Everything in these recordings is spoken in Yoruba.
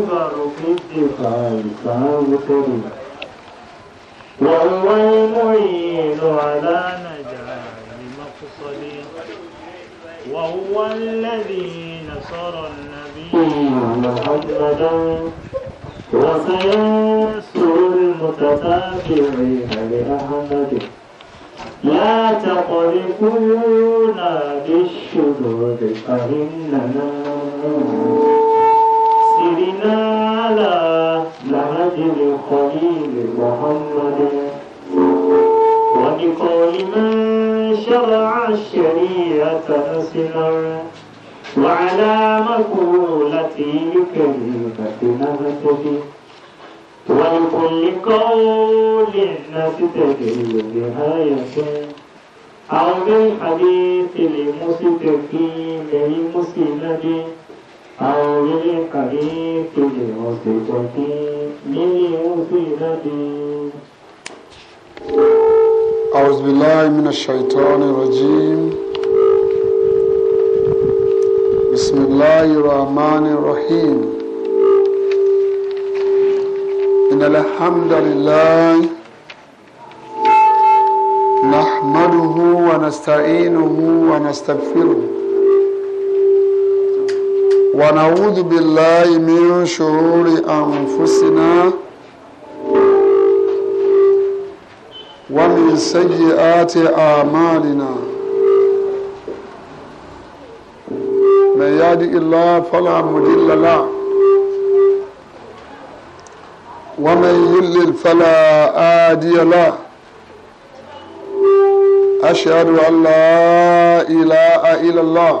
الكبر في الدفاع فمبتلي وهو المعين على نجاة مقصد وهو الذي نصر النبي محمدا وسينصر المتتابعين لأحمد لا تقذفونا بالشذوذ فإننا سيدنا نهج الخليل محمد وبقول من شرع الشريعة أسلا وعلى مقولته كلمة نهتدي ولكل قول نستدل بهايته أو بالحديث لمستقيم المسند عوريك إيك لوسطتي لوسطتي أعوذ بالله من الشيطان الرجيم بسم الله الرحمن الرحيم إن الحمد لله نحمده ونستعينه ونستغفره ونعوذ بالله من شرور أنفسنا ومن سيئات أعمالنا من يهد الله فلا مضل له ومن يضلل فلا هادي له أشهد أن لا إله إلا الله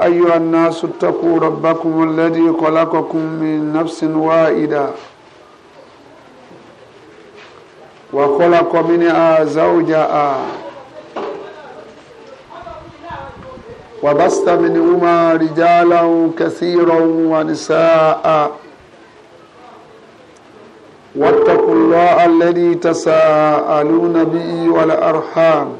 يا أيها الناس اتقوا ربكم الذي خلقكم من نفس واحدة وخلق منها زوجها وبست منهما رجالا كثيرا ونساء واتقوا الله الذي تساءلون به والأرحام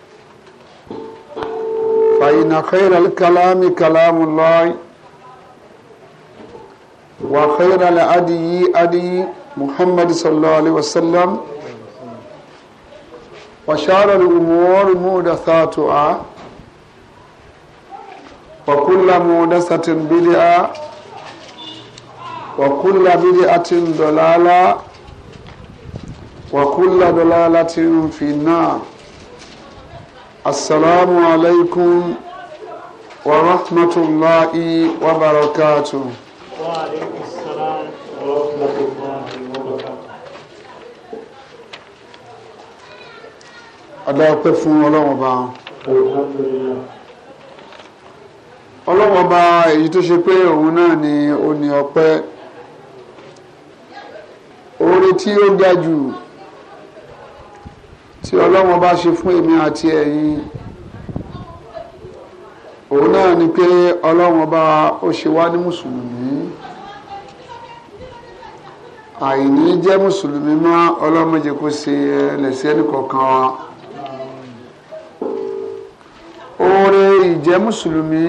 فإن خير الكلام كلام الله وخير الأدي أدي محمد صلى الله عليه وسلم وشار الأمور مودثاتها وكل مودثة بدعة وكل بدعة ضلالة وكل ضلالة في النار Assalamu alaikum wa rahmatullahi wa barakatuh. Wa alaikum salam wa rahmatullahi wa barakatuh. Adáwọ̀pẹ́ fún ọlọ́wọ̀n bá. Ọlọ́wọ̀n bá èyí tó ṣe pé òun náà ni ó ní ọpẹ́. Oore tí ó ga jù tí ọlọ́run bá ṣe fún èmi àti ẹ̀yin òun náà ni pé ọlọ́run bá ó ṣe wá ní mùsùlùmí àìní jẹ́ mùsùlùmí mọ́ ọlọ́run jẹ́ kó ṣe ẹlẹ́sẹ̀ nìkọ̀ọ̀kan wa oore ìjẹ́ mùsùlùmí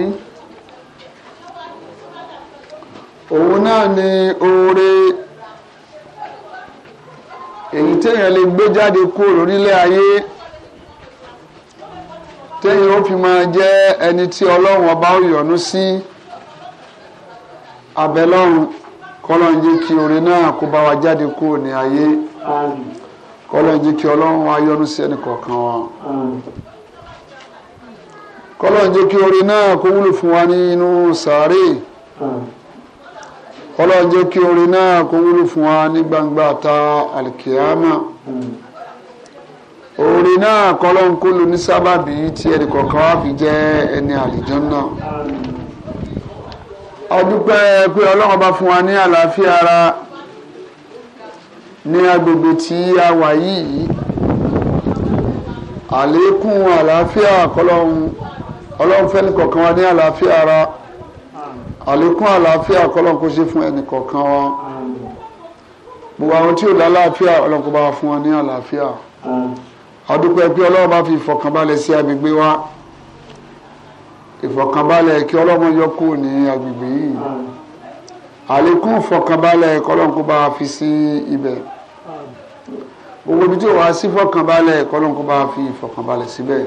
òun náà ni oore téèyàn lè gbé jáde kúrò lórílẹ̀ ayé téèyàn ó fi máa jẹ́ ẹni tí ọlọ́run ọba ó yọ́nú sí abẹ́lọ́run kọ́lọ́n jẹ́ kí orin náà kó bá wa jáde kúrò ní ayé kọ́lọ́n jẹ́ kí ọlọ́run wa yọ́nú sí ẹnì kọ̀ọ̀kan wa kọ́lọ́n jẹ́ kí orin náà kó wúlò fún wa nínú sàárè. Mm ọlọ́run jẹ́ kí orin náà kó wúlò fún wa ní gbangba ta alikiyama orin náà kọ́lọ́n kó lu ní sábàbí tí ẹnì kọ̀ọ̀kan wá fi jẹ́ ẹni àlìjọ́nà ọdúpẹ́ pé ọlọ́run bá fún wa ní àlàáfíà ara ní agbègbè tí a wà yìí àlékún àlàáfíà kọ́lọ́run ọlọ́run fẹ́ni kọ̀ọ̀kan wa ní àlàáfíà ara àlékún àlàáfíà ọ̀kọ́lọ́n kó ṣe fún ẹnì kọ̀ọ̀kan wọn gbogbo àwọn tí ò lálàáfíà ọlọ́run kó bá fún wọn ní àlàáfíà àdúpẹ́ pé ọlọ́run bá fi ìfọ̀kànbalẹ̀ sí agbègbè wa ìfọ̀kànbalẹ̀ kí ọlọ́run yọ kúrò ní agbègbè yìí àlékún ìfọ̀kànbalẹ̀ kọ́lọ́run kó bá fi sí ibẹ̀ gbogbo ibi tí ò wá sí ìfọ̀kànbalẹ̀ kọ́lọ́run bá fi ìfọ̀kànbalẹ̀ síbẹ̀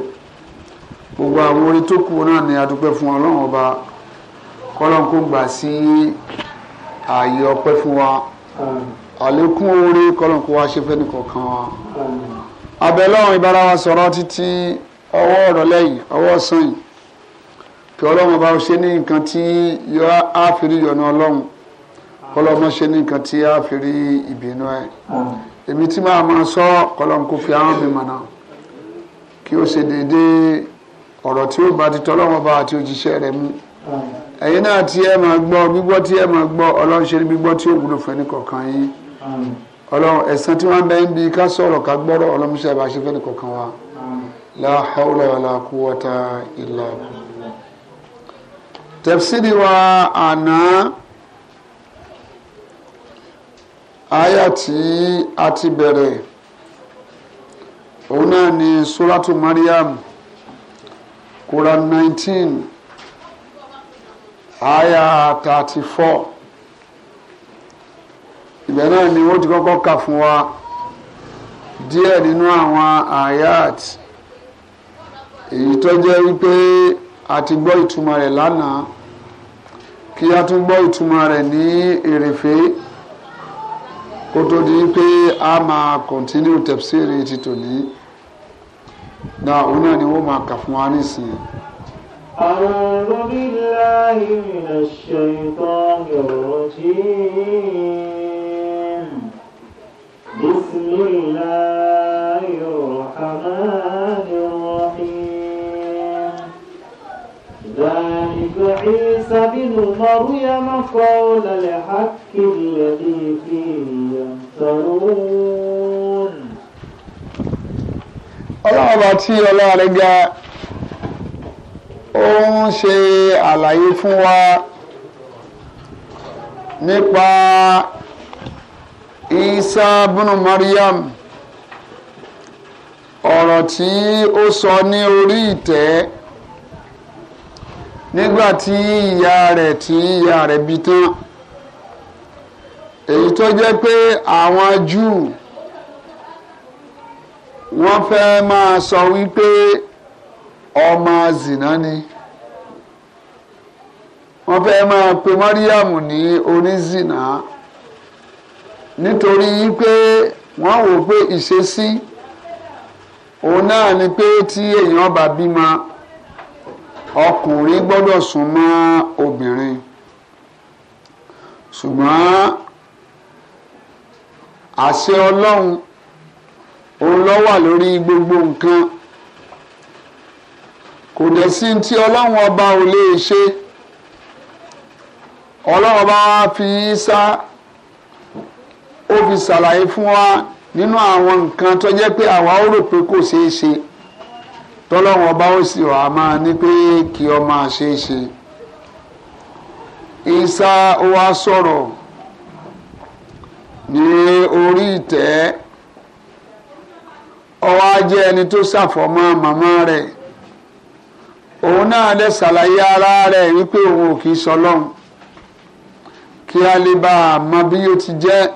gbogbo àwọn orin tó kù náà ni àdúpẹ́ fún ọlọ́run ọba kọ́lọ́n kó gbà sí ààyè ọpẹ́ fún wa àlékún oore kọ́lọ́n kó wá ṣe fẹ́ni kọ̀ọ̀kan wa abẹ́lọ́run ìbára wa sọ̀rọ̀ títí ọwọ́ ọ̀rọ̀ lẹ́yìn ọwọ́ ọ̀sán yìí kí ọlọ́run bá ṣe ní nǹkan tí a fi rí yọ̀nà ọlọ́run kọ́lọ́mọ ṣe ní nǹkan tí a fi rí ìbínú ẹ̀ èmi tí máa máa sọ kọ́lọ́n kó fi àwọn mi mọ̀nà kí ó ṣe déédéé ọ̀rọ̀ tí ó bá ti tọ́lọ́run bá àti òjíṣẹ́ rẹ̀ mú ẹ̀yin náà tí ẹ máa gbọ́ gbígbọ́ tí ẹ máa gbọ́ ọlọ́run ṣe ní gbígbọ́ tí ó wúlò fún ẹnì kọ̀ọ̀kan yín ọlọ́run ẹ̀san tí wọ́n ń bẹ ń bi ká sọ̀rọ̀ ká gbọ́rọ̀ ọlọ́run ṣe àbáṣe fẹ́ ẹnì wa la hawla wala quwwata wa àná àyà tí a ti bẹ̀rẹ̀ òun náà ni suratu Maryam Quran 19 àyà thirty four ìbẹ̀ náà ni wọ́n ti kọ́kọ́ kà fún wa díẹ̀ nínú àwọn ayat èyí tó jẹ́ wípé a ti gbọ́ ìtumọ̀ rẹ̀ lánàá kí a tún gbọ́ ìtumọ̀ rẹ̀ ní èrèfé kó tó di pé a máa kọ̀ntínú tẹ̀síìrì ti tòní náà òun náà ni wọ́n máa kà fún wa nísìnyí. أعوذ بالله من الشيطان الرجيم بسم الله الرحمن الرحيم ذلك عيسى بن مريم قول الحق الذي فيه يمترون ọlọ́run ọba tí ọlọ́run rẹ̀ ga ó ń ṣe àlàyé fún wa nípa Isa bùnú Mariam ọ̀rọ̀ tí ó sọ ní orí ìtẹ́ nígbà tí ìyá rẹ̀ tí ìyá rẹ̀ bí tán èyí tó jẹ́ pé àwọn Júù wọ́n fẹ́ máa sọ wípé. So ọmọ zìnà ni wọ́n fẹ́ máa pe mọ́ríyàmù ní onízìnà nítorí pé wọ́n wò pé ìṣesí òun náà ni pé tí èèyàn bá bímọ ọkùnrin gbọ́dọ̀ sùn mọ́ obìnrin ṣùgbọ́n àṣẹ ọlọ́run òun ló wà lórí gbogbo nǹkan kò dẹ̀ sí tí ọlọ́run ọba ò lè ṣe ọlọ́run ọba wa fi sá ó fi ṣàlàyé fún wa nínú àwọn nǹkan tó jẹ́ pé àwa ó rò pé kò ṣeé ṣe tọ́lọ́run ọba ó sì wà máa ní pé kí ọ máa ṣeé ṣe Ìsá ó wá sọ̀rọ̀ ní orí ìtẹ́ ó wá jẹ́ ẹni tó ṣàfọ̀mọ́ màmá rẹ̀ òun náà lè ṣàlàyé ara rẹ̀ wípé òun ò kì í sọlọ́run kí a lè bá a mọ ti jẹ́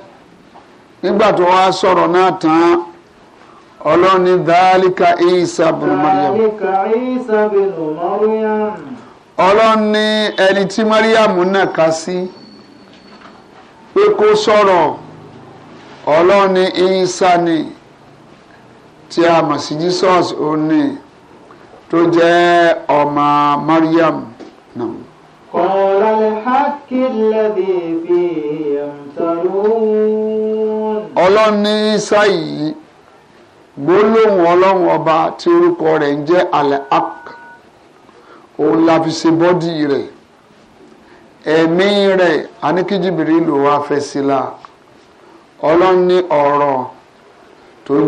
nígbà tó wá sọ̀rọ̀ náà tán ọlọ́run ní dáálíkà Ìsá bùnú Mariam. ọlọ́run ní ẹni tí Mariam náà sí pé kó sọ̀rọ̀ ọlọ́run ní ni tí a mọ̀ sí Jesus òun tó jẹ́ ọmọ Mariam náà. قال الحق الذي فيه يمترون. ọlọ́run ní yìí gbólóhùn ọlọ́run ọba tí orúkọ rẹ̀ ń jẹ́ alhaq òun la fi ṣe bọ́dì rẹ̀ ẹ̀mí rẹ̀ aníkíjìbìrì ló wá la ọlọ́run ní ọ̀rọ̀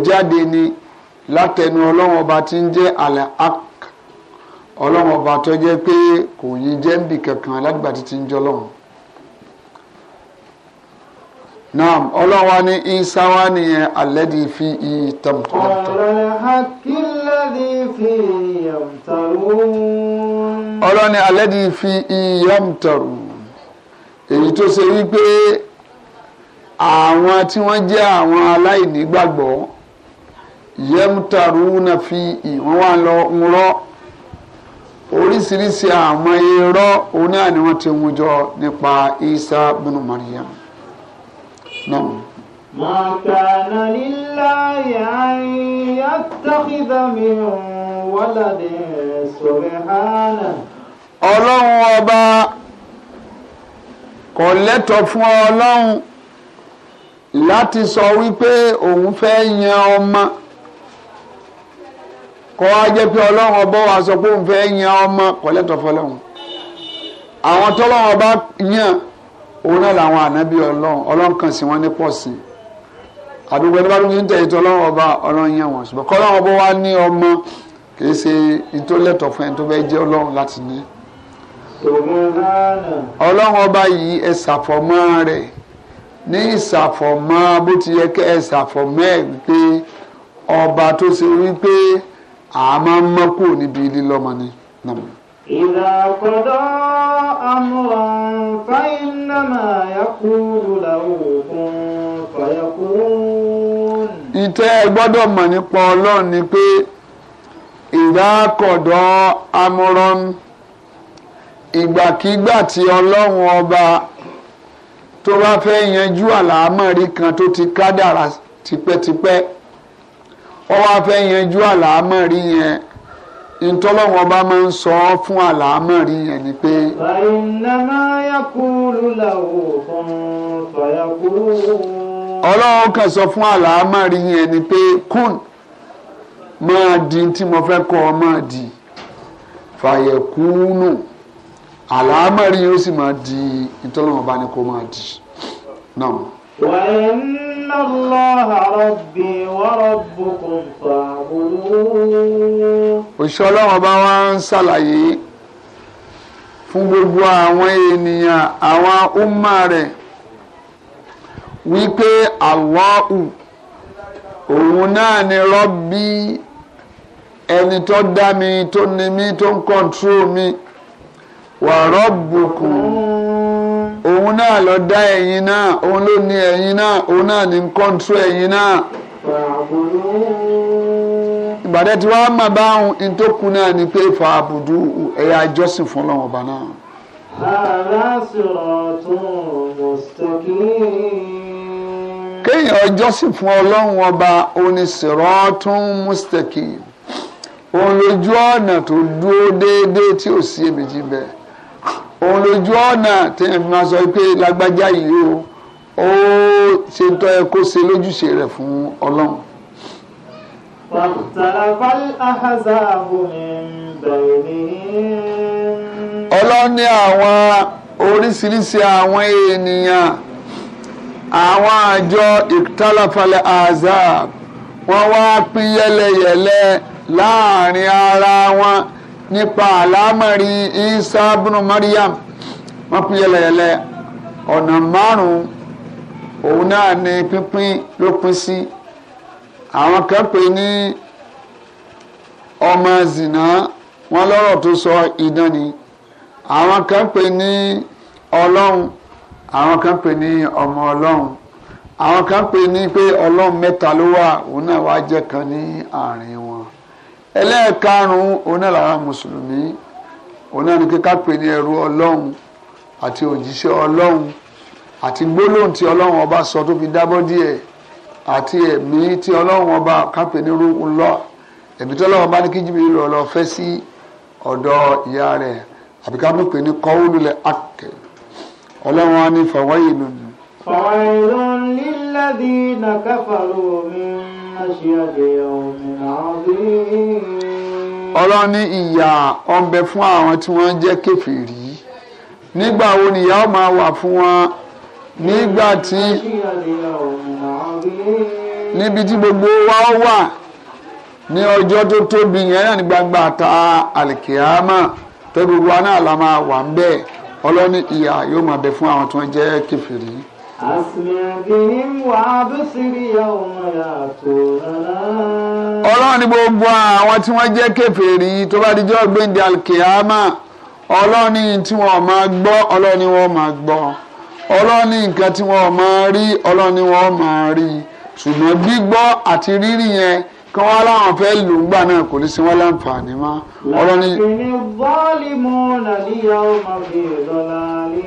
jáde ní látẹnu ọlọ́run ọba tí ń ọlọ́run ọba tó jẹ́ pé kò yí jẹ́ǹbì kankan aládùúgbà títí ń jọlọ́run naam ọlọ́run wa ní isa wa nìyẹn alẹ́dí fi iye tọ̀mùtọ̀. ọ̀rẹ́ hakilẹ́dí fi iyamtaru. ọlọ́run alẹ́dí fi iyamtaru èyí tó ṣe wípé àwọn tí wọ́n jẹ́ àwọn aláìnígbàgbọ́ yẹ́mùtàrú náà fi ìwọ́n wà lọ ń rọ́ oríṣiríṣi àwọn irọ́ òun náà ni wọ́n ti mú jọ nípa Isa bínú Maryam náà. ما كان لله أن يتخذ من ولد سبحانه ọlọ́run ọba kò lẹ́tọ̀ fún ọlọ́run láti sọ wípé òun fẹ́ yan ọmọ kọ́ wá jẹ́ pé ọlọ́run ọba wa sọ pé òun fẹ́ yan ọmọ kọ́lẹ́tọ̀ fọlọ́run àwọn tọ́lọ́run ọba yan òun náà làwọn ànábì ọlọ́run ọlọ́run kàn sí wọn ní pọ̀ sí àdúgbò ẹni bá dúró ní tẹ̀yìn tó ọlọ́run ọba ọlọ́run yan wọn ṣùgbọ́n kọ́lọ́run ọba wa ní ọmọ kìí ṣe ìtòlẹ́tọ̀ fún ẹni tó fẹ́ jẹ́ ọlọ́run láti ní. ọlọ́run ọba yìí ẹ ṣàfọ̀mọ́ rẹ̀ ní ìṣàfọ̀mọ́ bó ti yẹ kẹ́ ẹ ṣàfọ̀mọ́ ẹ̀ wípé ọba tó ṣe wípé àmọ́ mọ́ kú níbi lílọ́mọ ni. إذا قضى أمرا فإنما يقول له كن فيكون. ìtẹ́ ẹ gbọ́dọ̀ mọ̀ nípa ọlọ́run ni pé ìdá kọ̀dọ̀ amúrán ìgbàkigbà tí ọlọ́run ọba tó bá fẹ́ yanjú àlámọ̀rí kan tó ti kádàrá tipẹ́tipẹ́. Tipẹ́ ó wá fẹ́ yanjú àlámọ̀rí yẹn ntọ́lọ́wọ́n bá máa ń sọ ọ́ fún àlámọ̀rí yẹn ni pé. bàyìnàmá yakulu làwò fún fàyàkúrú. ọlọ́run kan sọ fún àlámọ̀rí yẹn ni pé kún máa di tí mo fẹ́ kọ́ ọ máa di fàyẹ̀kúnù àlámọ̀rí yóò sì máa di ntọ́lọ́wọ́n bá ní kó máa di náà. No. وأن الله ربي وربكم فاعبدوه òṣìṣẹ́ ọlọ́run ọba wa ń ṣàlàyé fún gbogbo àwọn ènìyàn àwọn umma rẹ̀ wípé Allahu òun náà ni rọ́bí ẹni tó dá mi tó ni mí tó ń kọ́ńtró mi wà rọ́bùkún òun náà ló dá ẹ̀yin náà òun ló ní ẹ̀yin náà òun náà ní kọ́ńtù ẹ̀yin náà. ìbàdàn tí wàá máa bá ohun ìtòkù náà ni pé fa àbùdù ẹ̀yà àjọsìn fún ọlọ́run ọba náà. ààrẹ siratun mustaqim kéèyàn ọjọ́sìn fún ọlọ́run ọba oníṣìírọ́tún mustaqim òun lójú ọ̀nà tó dúró déédéé tí ò sí èméjì bẹ́ẹ̀ òun lójú ọ̀nà téèyàn fi máa sọ pé lágbájá yìí o ó ṣe ń tọ́ ẹ kó ṣe lójúṣe rẹ̀ fún ọlọ́run. ọlọ́run ní àwọn oríṣiríṣi àwọn ènìyàn àwọn àjọ ìtàlàfàlẹ̀ azab wọ́n wá pín yẹ́lẹyẹ̀lẹ láàrin ara wọn nípa àlámọ̀rí Isa bùnú Mariam wọ́n pín yẹlẹyẹlẹ ọ̀nà márùn-ún òun náà ni pínpín ló pín sí àwọn kan pè ní ọmọ zìnà wọn lọ́rọ̀ tó sọ idán ni àwọn kan pè ní ọlọ́run àwọn kan pè ní ọmọ ọlọ́run àwọn kan pè ní pé ọlọ́run mẹ́ta ló wà òun náà wá jẹ́ kan ní àárín wọn ẹlẹ́ẹ̀karùn-ún òun náà làwọn mùsùlùmí òun náà ní kíkà pé ní ẹrú ọlọ́run àti òjíṣẹ́ ọlọ́run àti gbólóhùn tí ọlọ́run ọba sọ tó fi dábọ́ díẹ̀ àti ẹ̀mí tí ọlọ́run ọba kápẹ́ ní rúkú lọ ẹ̀mí tí ọlọ́run ọba ní kí jìbìrì lọ lọ fẹ́ sí ọ̀dọ̀ ìyá rẹ̀ àbí ká mú ní kọ́wúlulẹ̀ akẹ́ ọlọ́run á ní fọwọ́yìn lónìí. fọwọ́yìn lónìí lẹ́bí nàkàfàrọ̀ mi ọlọ́run ní ìyà ọ̀nbẹ fún àwọn tí wọ́n jẹ́ kèfèrí nígbà wo nìyà ó máa wà fún wọn nígbà tí níbi tí gbogbo wa ó wà ní ọjọ́ tó tóbi yẹn náà ní gbangba ta àlìkìyàmà tó gbogbo wa náà la máa wà ń bẹ́ẹ̀ ọlọ́run ní ìyà yóò máa bẹ fún àwọn tí wọ́n jẹ́ kèfèrí ọlọ́run ní gbogbo àwọn tí wọ́n jẹ́ kèfèrí tó bá dijọ́ gbẹ̀ndé alkiyama ọlọ́run ní tí wọ́n máa gbọ́ ọlọ́run ni wọ́n máa gbọ́ ọlọ́run ní nǹkan tí wọ́n máa rí ọlọ́run ní wọ́n máa rí ṣùgbọ́n gbígbọ́ àti rírí yẹn kan wá láwọn fẹ́ lù ú gbà náà kò ní sí wọn láǹfààní mọ́ ọ̀rọ̀ ni. ìní bọ́ọ̀lì mú nàdíyà ó máa fi ìdọ́là ní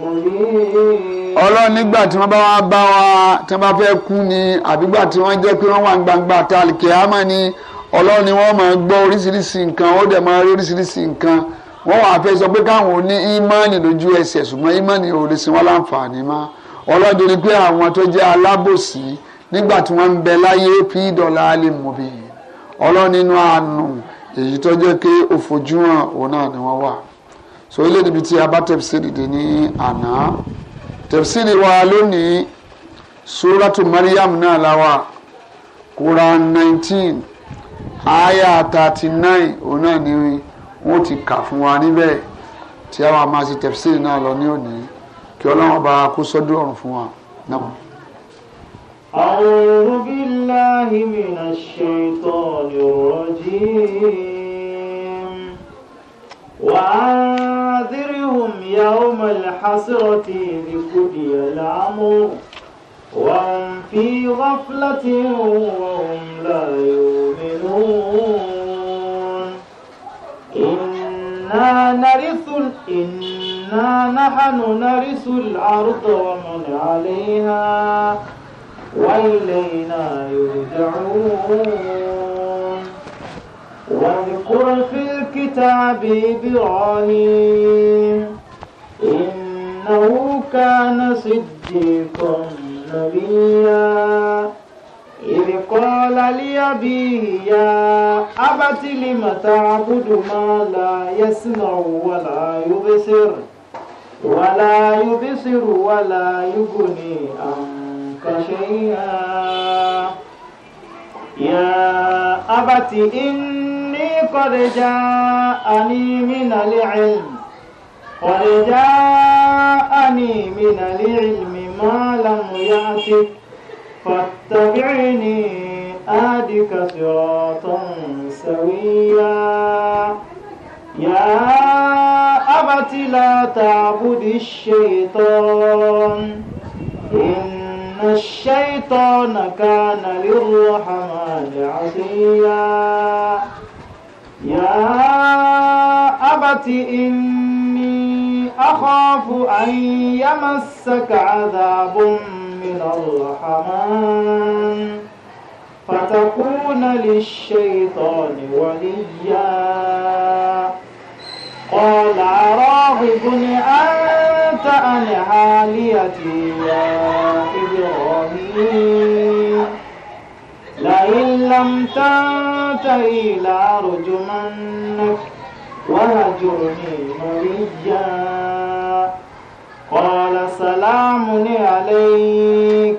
mọ̀lẹ́. ọlọ́run nígbà tí wọ́n bá wá bá wa tí wọ́n bá fẹ́ kú ni àbígbà tí wọ́n jẹ́ pé wọ́n wà gbangba tàlìkì àmọ́ ni ọlọ́run ni wọ́n máa gbọ́ oríṣiríṣi nǹkan ó dẹ̀ máa rí oríṣiríṣi nǹkan wọ́n wà fẹ́ sọ pé káwọn ò ní ímánì lójú ẹsẹ̀ ṣùgbọ́n ímánì ò nígbà tí wọ́n ń bẹ láyé fi dọ̀là alẹ́ mọ̀bí ọlọ́run nínú àánú èyí tó jẹ́ pé òfojú hàn òun náà ni wọ́n wà so ilé níbi tí a bá tẹ̀síìrì dé ní àná tẹ̀síìrì wa lónìí suratu Maryam náà láwà Quran nineteen aya thirty nine òun náà ni wọ́n ti kà fún wa níbẹ̀ tí a wà máa ṣe tẹ̀síìrì náà lọ ní òní kí ọlọ́run bá kó sọ́dún ọ̀run fún wa náà. أعوذ بالله من الشيطان الرجيم وأنذرهم يوم الحسرة إذ قضي الأمر وهم في غفلة وهم لا يؤمنون إنا نرث إنا نحن نرث الأرض ومن عليها وإلينا يُدْعُونَ واذكر فِي الْكِتَابِ إبراهيم إِنَّهُ كَانَ صديقا نبيا إذ قال لأبيه يا أبت لم تعبد ما لا يسمع وَلَا يبصر ولا يبصر ولا يغني عنه ربك شيئا يا أبت إني قد جاءني من العلم قد جاءني من العلم ما لم يأتك فاتبعني آدك صراطا سويا يا أبت لا تعبد الشيطان إن إن الشيطان كان للرحمن عصيا يا أبت إني أخاف أن يمسك عذاب من الرحمن فتكون للشيطان وليا قال راغب أنت عن عاليتي يا الرجيم لئن لم تنتهي لأرجمنك وهجرني مريا قال سلام عليك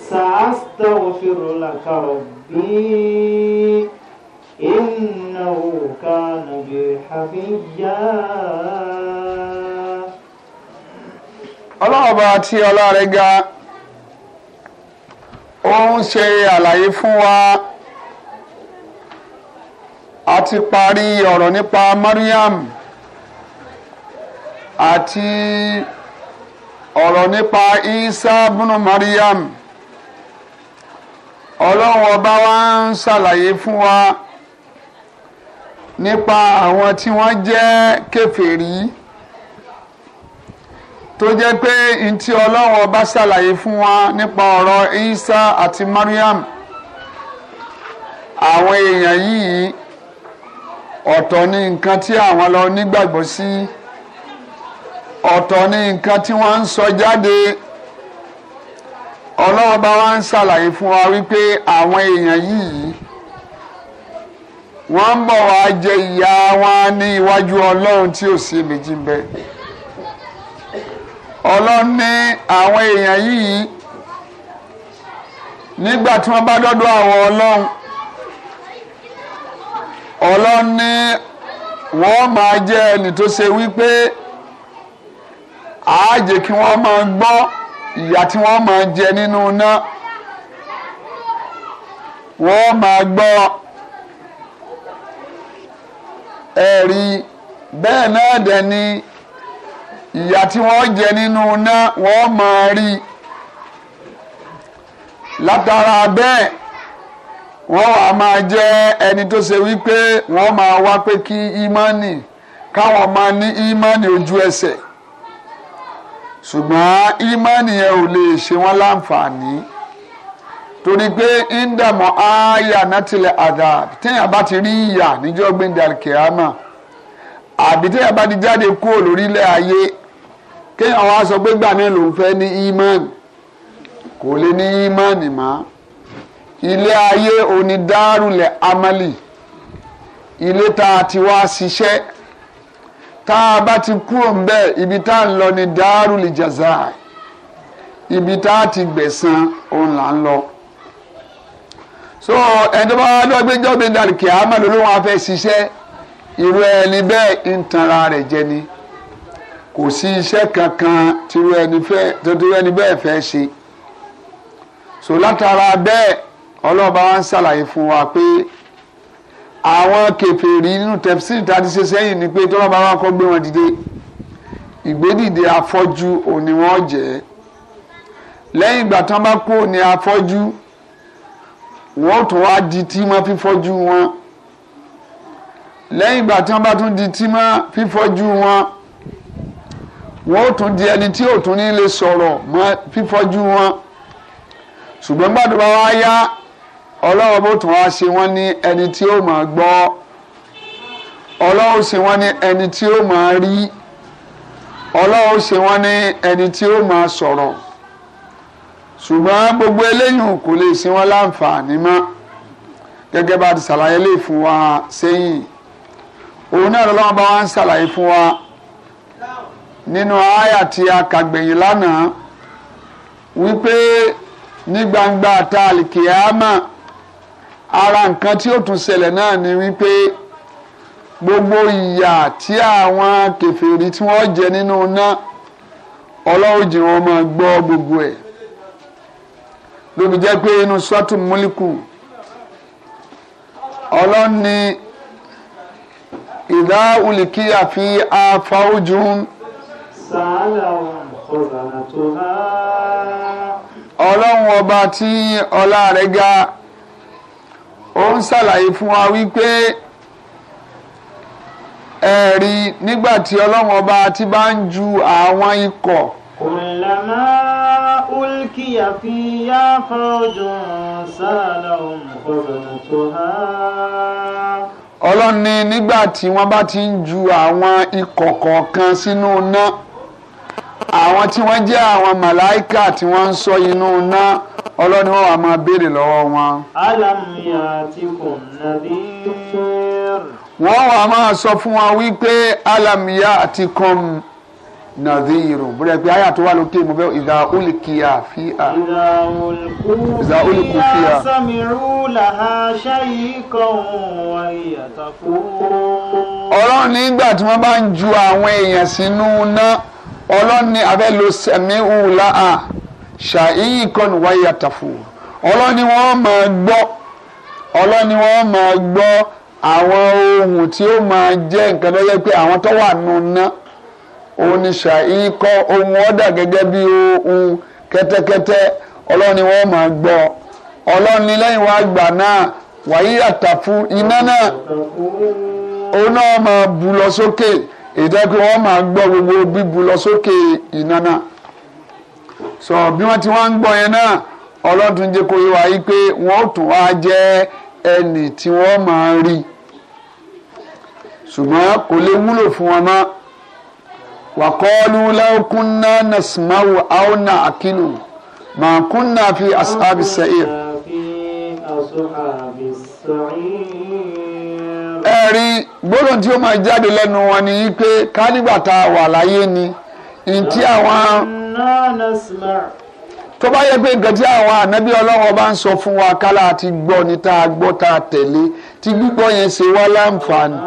سأستغفر لك ربي إنه كان بي حفيا ọlọ́ọ̀bá tí ọlá ga ó ń ṣe àlàyé fún wa a ti parí ọ̀rọ̀ nípa Mariam àti ọ̀rọ̀ nípa Isa bunu Mariam ọlọ́run ọba wa ń ṣàlàyé fún wa nípa àwọn tí wọ́n jẹ́ kèfèrí tó jẹ́ pé ntí ọlọ́run ọba ṣàlàyé fún wa nípa ọ̀rọ̀ Isa àti Mariam àwọn èèyàn yìí ọ̀tọ̀ ni nǹkan tí àwọn lọ nígbàgbọ́ sí ọ̀tọ̀ ni nǹkan tí wọ́n ń sọ jáde ọlọ́run bá wá ń ṣàlàyé fún wa wípé àwọn èèyàn yìí wọ́n ń bọ̀ wá jẹ ìyà wọn ní iwájú ọlọ́run tí ò sí méjì bẹ́ẹ̀ ọlọ́run ní àwọn èèyàn yìí nígbà tí wọ́n bá dọ́dọ̀ àwọn ọlọ́run ọlọ́run ní wọ́n máa jẹ́ ẹni tó ṣe wípé àájẹ kí wọ́n máa gbọ́ ìyà tí wọ́n máa jẹ nínú iná wọ́n máa gbọ́ ẹ̀rí bẹ́ẹ̀ náà dẹ̀ ni ìyà tí wọ́n jẹ nínú iná wọ́n máa rí látara bẹ́ẹ̀ wọ́n wàá máa jẹ́ ẹni tó ṣe wípé wọ́n máa wá pé kí ímánì káwọn máa ní ímánì ojú ẹsẹ̀ ṣùgbọ́n ímánì yẹn ò lè ṣe wọ́n láǹfààní torí pé índàmọ̀ ááyà nátìlẹ̀ àdá téèyàn bá ti rí ìyà níjọ́ gbẹ̀ndẹ̀ àlùkìyámà àbí téèyàn bá ti jáde kúrò lórílẹ̀ ayé kéèyàn wá sọ pé gbà mí lòún fẹ́ ní ímánì kò lè ní ímánì mọ́ ilé ayé onídàárúlẹ̀ amálì ilé tá a ti wá ṣiṣẹ́ tá a bá ti kúrò ń bẹ́ẹ̀ ibi tá a ń lọ ní dàárúlẹ̀ jazaa ibi tá a ti gbẹ̀san òun là ń lọ so ẹjọ́ bá wàá dọ́gbẹ́jọ́ mi dàrí kí a má lò lóun afẹ́ ṣiṣẹ́ irú ẹni bẹ́ẹ̀ ń tanra rẹ̀ jẹ ni. So, kò sí iṣẹ́ kankan tírú ẹni fẹ́ tírú ẹni bẹ́ẹ̀ fẹ́ ṣe so látara bẹ́ẹ̀ ọlọ́ọ̀bá wa ń ṣàlàyé fún wa pé àwọn kèfèrí nínú tẹ̀sí ta ti ṣe sẹ́yìn ni pé tọ́lọ́ba wa kọ́ gbé wọn dìde ìgbédìde afọ́jú òní wọ́n jẹ́ lẹ́yìn ìgbà tán bá kú òní afọ́jú wọ́n tún wá di tí mọ́ fífọ́jú wọn lẹ́yìn ìgbà tán bá tún di tí mọ́ fífọ́jú wọn wọn ó tún di ẹni tí ò tún ní lè sọ̀rọ̀ mọ́ fífọ́jú wọn ṣùgbọ́n gbàdúrà wa yá ọlọ́run bó tún wá ṣe wọ́n ní ẹni tí ó máa gbọ́ ọlọ́run ṣe wọ́n ní ẹni tí ó máa rí ọlọ́run ṣe wọ́n ní ẹni tí ó máa sọ̀rọ̀ ṣùgbọ́n gbogbo eléyìí kò lè ṣe wọ́n láǹfààní mọ́ gẹ́gẹ́ bá ti ṣàlàyé lè fún wa sẹ́yìn òun náà lọ́wọ́ bá wá ń ṣàlàyé fún wa nínú àyà tí a kà gbẹ̀yìn lánàá wípé ní gbangba ta àlìkìyàmà ara nǹkan tí ó tún ṣẹlẹ̀ náà ni wípé gbogbo ìyà tí àwọn kèfèrí tí wọ́n jẹ nínú iná ọlọ́run jì wọ́n máa gbọ́ gbogbo ẹ̀ lóbi jẹ́ pé inú sọ́tún múlíkù ọlọ́run ni ìdá olùkíyà fi afáwójú ń ọlọ́run ọba tí ọlá rẹ̀ ga ó ń ṣàlàyé fún wa wípé ẹ̀rí nígbà tí ọlọ́run ọba ti bá ń ju àwọn ikọ̀. kùnlẹ̀mọ́ ulkiya fi yá fọ́jọ́ sáàlà òǹkọ̀rọ̀ tó ọlọ́run ní nígbà tí wọ́n bá ti ń ju àwọn ikọ̀ kọ̀ọ̀kan sínú náà àwọn tí wọ́n jẹ́ àwọn màláìkà tí wọ́n ń sọ inú ná ọlọ́ni wọn wà máa béèrè lọ́wọ́ wọn. alam ya'tikum nadhir. wọ́n wà máa sọ fún wọn wípé alam ya'tikum nadhir bóyá pé àyà tó wà lókè mo fẹ́ ìdá olùkìyà fíà. ìdá olùkù fíà. sami'u laha shayikan wa hiya tafur. ọlọ́run nígbà tí wọ́n bá ń ju àwọn èèyàn sínú náà. Ọlọ́ni ni wùlá à ṣàyìn kọ́ni wáyà tàfù gbọ́ Ọlọ́ni gbọ́ àwọn ohun tí ó máa jẹ́ nǹkan tó yẹ pé àwọn tó wà nù ni ṣàyìn kọ́ ohun ọ̀dà gẹ́gẹ́ bí ohun kẹ́tẹ́kẹ́tẹ́ Ọlọ́ni gbọ́ Ọlọ́ni lẹ́yìn wá gbà náà iná náà òun náà máa lọ sókè. ìdẹ́gbẹ́ wọn máa gbọ́ gbogbo bíbu lọ sókè iná náà sọ bí wọ́n ti wá ń gbọ́ yẹn náà ọlọ́dún jẹ́ kó yé wa yí pé wọ́n ó tún wá jẹ́ ẹnì tí wọ́n máa rí ṣùgbọ́n kò lè wúlò fún wọn mọ́ wàkọ́ọ́lù láòkúnná nàṣmáwò àwọnà àkínú màkúnnà fi asábìsẹ́yìn ẹ̀rí gbólóhùn tí ó máa jáde lẹ́nu wọn ni wípé ká nígbà tá a wà láyé ni ntí àwọn tó bá yẹ pé nǹkan tí àwọn ànábí ọlọ́wọ́ bá ń sọ fún wa kálá àti gbọ́ ni tá a gbọ́ tá a tẹ̀lé tí gbígbọ́ yẹn ṣe wá láǹfààní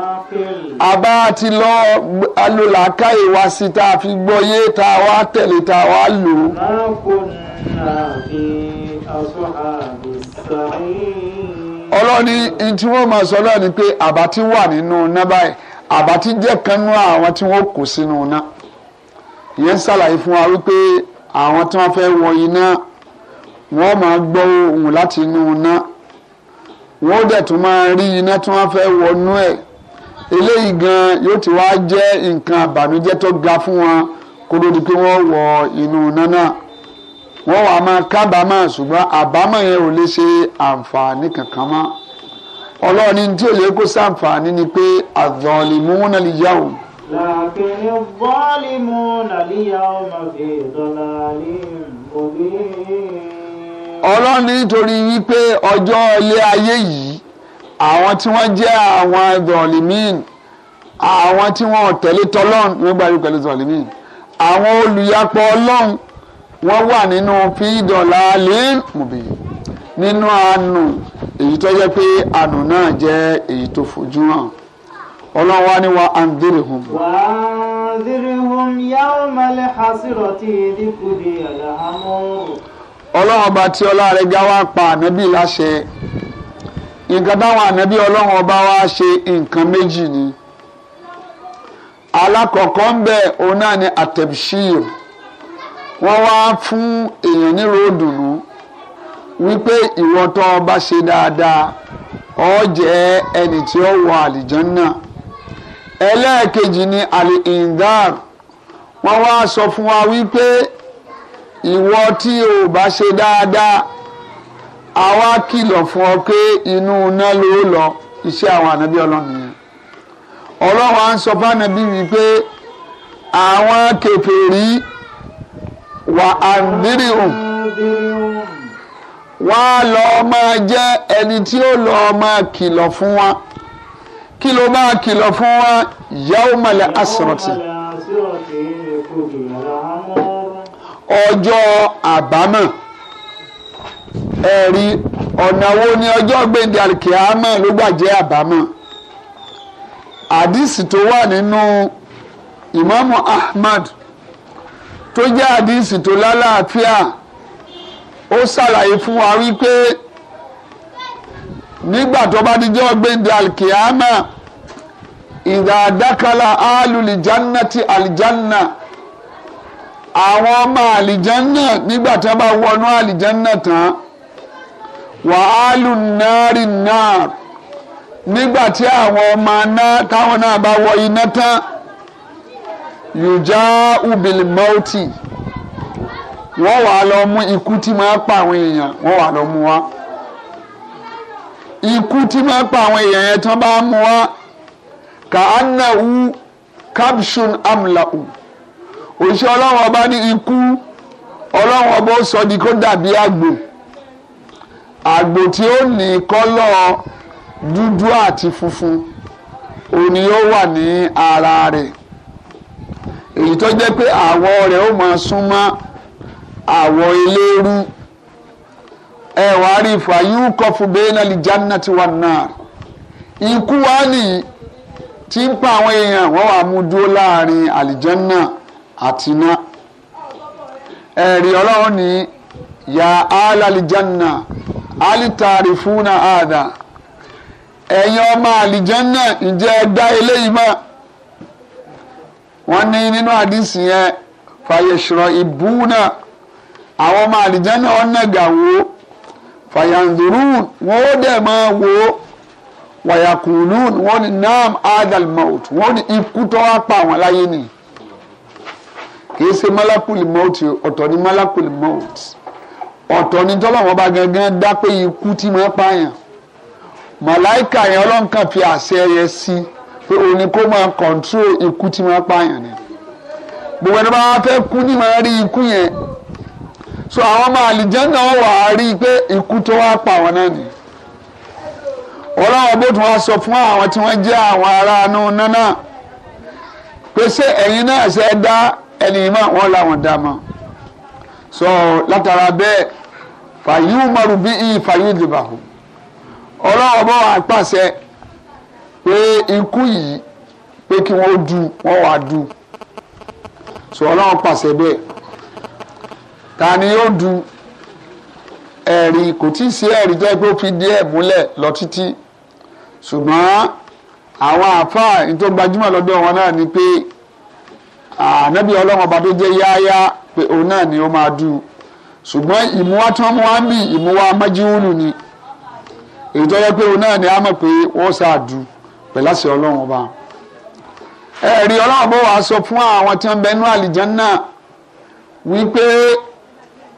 àbá ti lọ alólàákàyè wa sí tá a fi gbọ́ yé tá a wá tẹ̀lé tá a wá lò ó. ọlọ́ni ntí wọ́n máa sọ lọ́ọ̀ni pé àbá ti wà nínú iná báyìí àbá ti jẹ́ kan nú àwọn tí wọ́n kó sínú iná ìyẹn ń ṣàlàyé fún wa wípé àwọn tí wọ́n fẹ́ wọ iná wọ́n máa gbọ́ ohùn láti inú iná wọ́n dẹ̀ tún máa rí iná tí wọ́n fẹ́ wọnú ẹ̀ eléyìí gan yóò ti wá jẹ́ nǹkan àbànújẹ́ tó ga fún wọn kó ló di pé wọ́n wọ inú iná náà wọ́n wàá máa kábàámọ̀ ṣùgbọ́n àbámọ̀ yẹn ò lè ṣe àǹfààní kankan mọ́ ọlọ́ọ̀ni tí ò yẹ kó ṣàǹfààní ni pé àzọ̀ọ̀lìmúnà lè yá òun. làkìní bọ́ọ̀lìmúnà lè yá òun máa fi dọ́là ní òbí. ọlọ́ọ̀ni nítorí wípé ọjọ́ ilé ayé yìí àwọn tí wọ́n jẹ́ àwọn zọ̀ọ̀lìmín àwọn tí wọ́n tẹ̀lé tọ́lọ́ọ̀n ní gbàgbé pẹ̀lú zọ̀ọ̀lìmín àwọn olùyapọ̀ ọlọ́run wọ́n wà nínú fídọ̀lá lẹ́ẹ̀mùbí nínú àánú èyí tó yẹ pé àánú náà jẹ́ èyí tó fojú hàn ọlọ́run wá ní wa andirihum. wa andirihum yawmal hasirati ha ọba tí ọlá rẹ̀ ga wá pa ànábì láṣẹ nǹkan táwọn ànábì ọlọ́run ọba wá ṣe nǹkan méjì ni alákọ̀ọ́kọ́ ń bẹ òun náà ni àtẹ̀bíṣírò. wọ́n wá fún èèyàn ní ròdùnú wípé ìwọ tó o bá ṣe dáadáa ọ jẹ́ ẹni tí ó wọ àlìjánná ẹlẹ́ẹ̀kejì ni al-indar wọ́n wá sọ fún wa wípé ìwọ tí o bá ṣe dáadáa àwa kìlọ̀ fún ọ pé inú iná ló lọ iṣẹ́ àwọn ànábí ọlọ́run yẹn ọlọ́run à ń sọ fún ànábí wípé àwọn kèfèrí wà á dírì hù wá lọ máa jẹ́ ẹni tí ó lọ máa kìlọ̀ fún wa kí ló máa kìlọ̀ fún wa yawmal asrati ọjọ́ àbámọ̀ ẹ̀rí ọ̀nà wo ni ọjọ́ gbèǹde àlìkìámọ̀ ló gbà jẹ́ àdìsí tó wà nínú Ìmáàmù Ahmad tó jẹ́ àdìsí tó lálàáfíà ó ṣàlàyé fún wa wípé nígbà tó bá di jẹ́ ọgbẹ́ndé alkiyama ìdá àdákàlà alùlìjánná ti àlìjánná àwọn ọmọ àlìjánná nígbà tí wọ́n bá wọnú àlìjánná tán wàhálù náírì náà nígbà tí àwọn ọmọ náà táwọn náà bá wọ iná tán. Yuja ubìlì mọ́ọ̀tì wọ́n wàá lọ mú ikú tí máa pa àwọn èèyàn wọ́n wàá lọ mú wa ikú tí máa pa àwọn èèyàn yẹn tí wọ́n bá mú wa kà á nà wú caption amlau òṣìṣẹ́ ọlọ́run ọba ní ikú ọlọ́run ọba ó sọ di kó dàbí àgbò àgbò tí ó ní kọ́lọ̀ dúdú àti funfun òun ni wà ní ara rẹ̀ èyí tó jẹ́ pé àwọ̀ rẹ̀ ó máa súnmọ́ àwọ̀ eléérú ẹ wà á rí fàyú kọfù bẹ́ẹ̀nà lè jáná tiwa náà ikú wa nìyí tí ń pa àwọn èèyàn wọ́n wà mú dúró láàrin àlìjánná àti iná ẹ̀rí ọlọ́run ní yà á lálìjánná fúnà àdà ẹ̀yin ọmọ àlìjánná ǹjẹ́ ẹ dá eléyìí mọ́ wọ́n ní nínú àdìsí yẹn fàyẹ̀sọ̀rọ̀ ìbú náà àwọn ọmọ àdìjẹ́ náà ọ̀nàgà wo fàyàǹdùrú wọn ó dẹ̀ máa wo wàyàkùnú wọn ni nam adal maut wọn ni ikú tó wá pa àwọn láyé ni kìí ṣe malakuli maut ọ̀tọ̀ ni malakuli maut ọ̀tọ̀ ni tọ́lọ́wọ́n bá gangan dá pé ikú tí máa pààyàn màláìka yẹn ọlọ́nkàn fi àṣẹ yẹn sí i pé òun ni kó máa control ikú tí máa pààyàn ni gbogbo ẹni bá fẹ́ kú ní máa rí ikú yẹn so àwọn ọmọ àlìjẹ́nà wà á rí i pé ikú tó wá pa àwọn náà ni ọlọ́wọ́ bó tún wá sọ fún àwọn tí wọ́n jẹ́ àwọn ará inú nánà pé ṣé ẹ̀yin náà ṣe dá ẹni ìmọ̀ wọn làwọn dá mọ́ so látara bẹ́ẹ̀ fàyíwò mọ̀rùbí ìfàyíwò dìbà ọlọ́wọ́ bó wà pàṣẹ pé ikú yìí pé kí wọ́n du wọ́n wá du sọ ọlọ́run pàṣẹ bẹ́ẹ̀ ta ni yóò du ẹ̀rí kò tí ì sí ẹ̀rí tó gbó fi díẹ̀ múlẹ̀ lọ títí ṣùgbọ́n àwọn àáfàá tó gbajúmọ̀ lọ́dọ̀ wọn náà ni pé ànábì ọlọ́run ọba tó jẹ́ yáyá pé òun náà ni ó máa du ṣùgbọ́n ìmúwá tí wọ́n mú wá ń bì ìmúwá májíwúlù ni èyí tó yẹ pé òun náà ni a mọ̀ pé wọ́n ṣáà du pẹ̀lú àṣẹ ọlọ́run ọba ẹ̀rí ọlọ́run bó wàá sọ fún àwọn tí wọ́n ń bẹ nínú àlìjánná wípé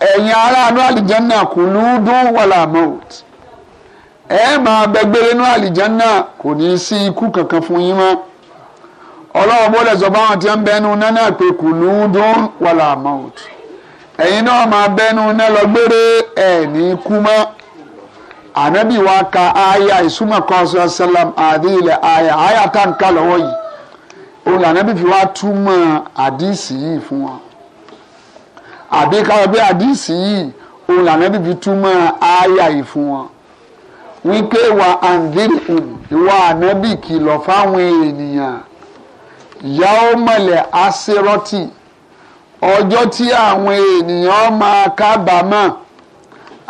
ẹ̀yin aráàlú àlìjánná kò lù ú dún wàlà mọ́ọ̀t ẹ máa bẹgbẹ́rẹ́ nínú àlìjánná kò ní í sí ikú kankan fún yín mọ́ ọlọ́run bó lè sọ fún àwọn tí wọ́n ń bẹ nínú náná pé kò lù ú dún wàlà mọ́ọ̀t ẹ̀yin náà máa bẹ́nu náà lọ gbére ẹ̀ ní kú mọ́ ànábì wa aya ìsúnmọ̀ kan sọ sẹlẹm aya aya tan n ká lọ́wọ́ yìí òun ànábì fi wá túmọ̀ àdìsí yìí fún wa àbí káwọn bí àdìsí yìí òun ànábì fi túmọ̀ aya yìí fún wa wípé wa àǹdírí ùn ìwà ànábì kìlọ̀ fáwọn ènìyàn yàwó mọ̀lẹ̀ asẹ́rọ́tì ọjọ́ tí àwọn ènìyàn máa kábàámọ̀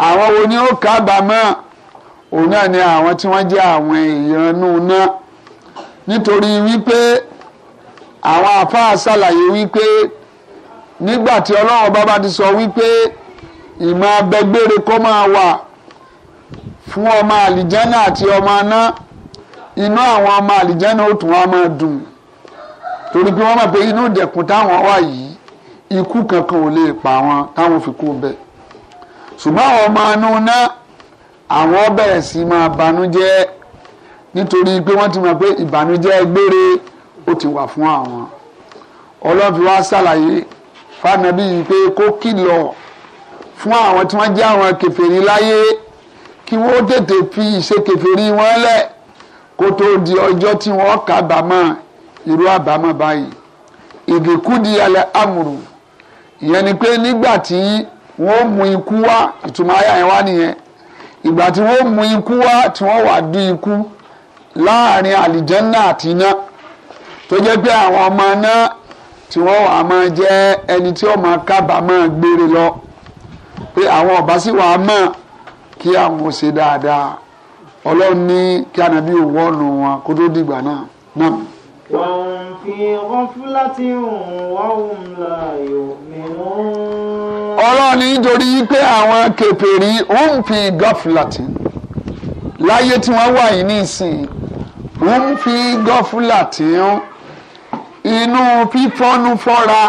àwọn wo ni ó kábàámọ̀ òun náà ni àwọn tí wọ́n jẹ́ àwọn ìranú náà nítorí wípé àwọn àfáà ṣàlàyé wípé nígbà tí ọlọ́run bá bá ti sọ wípé ìmọ̀ abẹgbére kó máa wà fún ọmọ àlìjẹ́nà àti ọmọ aná inú àwọn ọmọ àlìjẹ́nà ó tún wá máa dùn torí pé wọ́n mọ̀ pé inú ìdẹ̀kùn táwọn wà yìí ikú kankan ò lè pa wọn táwọn fi kú bẹ́ẹ̀ ṣùgbọ́n àwọn ọmọ anú náà àwọn bẹ̀rẹ̀ sí máa banújẹ́ nítorí pé wọ́n ti mọ̀ pé ìbànújẹ́ gbére ó ti wà fún àwọn ọlọ́run fi wá ṣàlàyé fànàbí yìí pé kó kìlọ̀ fún àwọn tí wọ́n jẹ́ àwọn kèfèrí láyé kí wọ́n tètè fi ìṣe kèfèrí wọn lẹ̀ kó tó di ọjọ́ tí wọ́n kábàámọ̀ irú àbámọ̀ báyìí ìgèkúdi alẹ́ amúrù ìyẹn ni pé nígbà tí wọ́n mú ikú wá ìtumọ̀ ayé àyẹ̀wá nìyẹn ìgbà tí wọ́n mú ikú wá tí wọ́n wà dún ikú láàrin àlìjẹ́nà àti iná tó jẹ́ pé àwọn ọmọ náà tí wọ́n wà máa jẹ́ ẹni tí wọ́n máa kábàámọ̀ gbére lọ pé àwọn ọ̀bá sì wà á mọ̀ kí àwọn ò ṣe dáadáa ọlọ́run ní kí ànábì ò wọ́ọ̀nù wọn kó tó dìgbà náà náà. wọ́n fi rọ́fúlá tí wọ́n wá òun là mìíràn ọlọ́ọ̀ni nítorí pé àwọn kèfèrí ń fi gọ́fìlàtì láyé tí wọ́n wà yìí nísìn ń fi gọ́fìlàtì inú fífọ́nú fọ́ra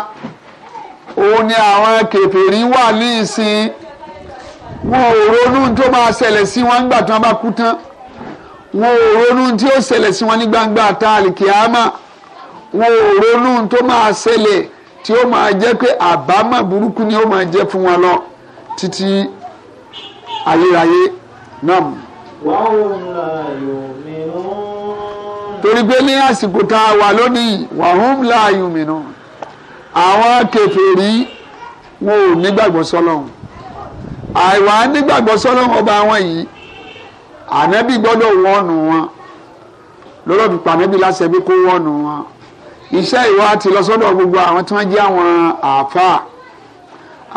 òun ni àwọn kèfèrí wà nísìn wọn ò ronú tó máa ṣẹlẹ̀ sí wọn nígbà tí wọ́n bá kú tán wọn ò ronú tí ó ṣẹlẹ̀ sí wọn ní gbangba tá a lè kíámà wọn ò ronú tó máa ṣẹlẹ̀ tí ó máa jẹ́ pé àbámọ̀ burúkú ni ó máa jẹ́ fún wọn lọ títí ayérayé náà. torí pé ní àsìkò tá a wà lónìí wàhùn láàyò mìíràn àwọn kèfèrí wọn ò nígbàgbọ́ sọ́lọ́hun àìwá nígbàgbọ́ sọ́lọ́hun ọba wọn yìí ànábì gbọ́dọ̀ wọ́ọ̀nù wọn lọ́lọ́bì pàmẹ́bí láṣẹ bí kó wọ́ọ̀nù wọn iṣẹ́ ìwà ti lọ sọ́dọ̀ gbogbo àwọn tí wọ́n jẹ́ àwọn àáfàá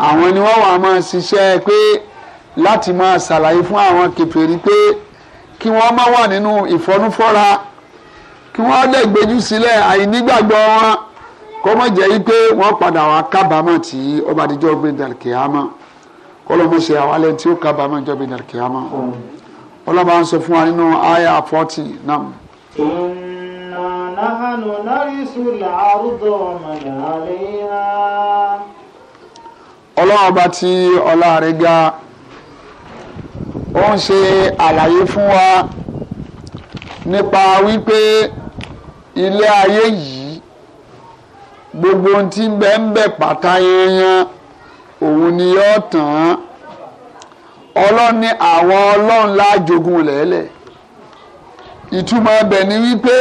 àwọn ni wọ́n wà máa ṣiṣẹ́ pé láti máa ṣàlàyé fún àwọn kèfèrí pé kí wọ́n má wà nínú ìfọnúfọ́ra kí wọ́n lè gbójú sílẹ̀ àìnígbàgbọ́ wọn kó má jẹ́ wípé wọ́n padà wá kábàámọ̀ tí ó bá dijọ́ gbé dàlkìámà kọ́lọ́mọ ṣe àwálẹ̀ tí ó kábàámọ̀ jọ́ gbé dàlkìámà ọlọ́ba ń sọ fún wa nínú àyà forty náà. نحن نرث الأرض ومن عليها ọlọ́run ọba tí ọlá rẹ̀ ga ó ń ṣe àlàyé fún wa nípa wípé ilé ayé yìí gbogbo ohun tí ń bẹ ń bẹ pátá yẹnyẹn òun ni yóò tán ọlọ́run ní àwọn ọlọ́run lájogún lẹ́lẹ̀ ìtumọ̀ ẹbẹ̀ ni wípé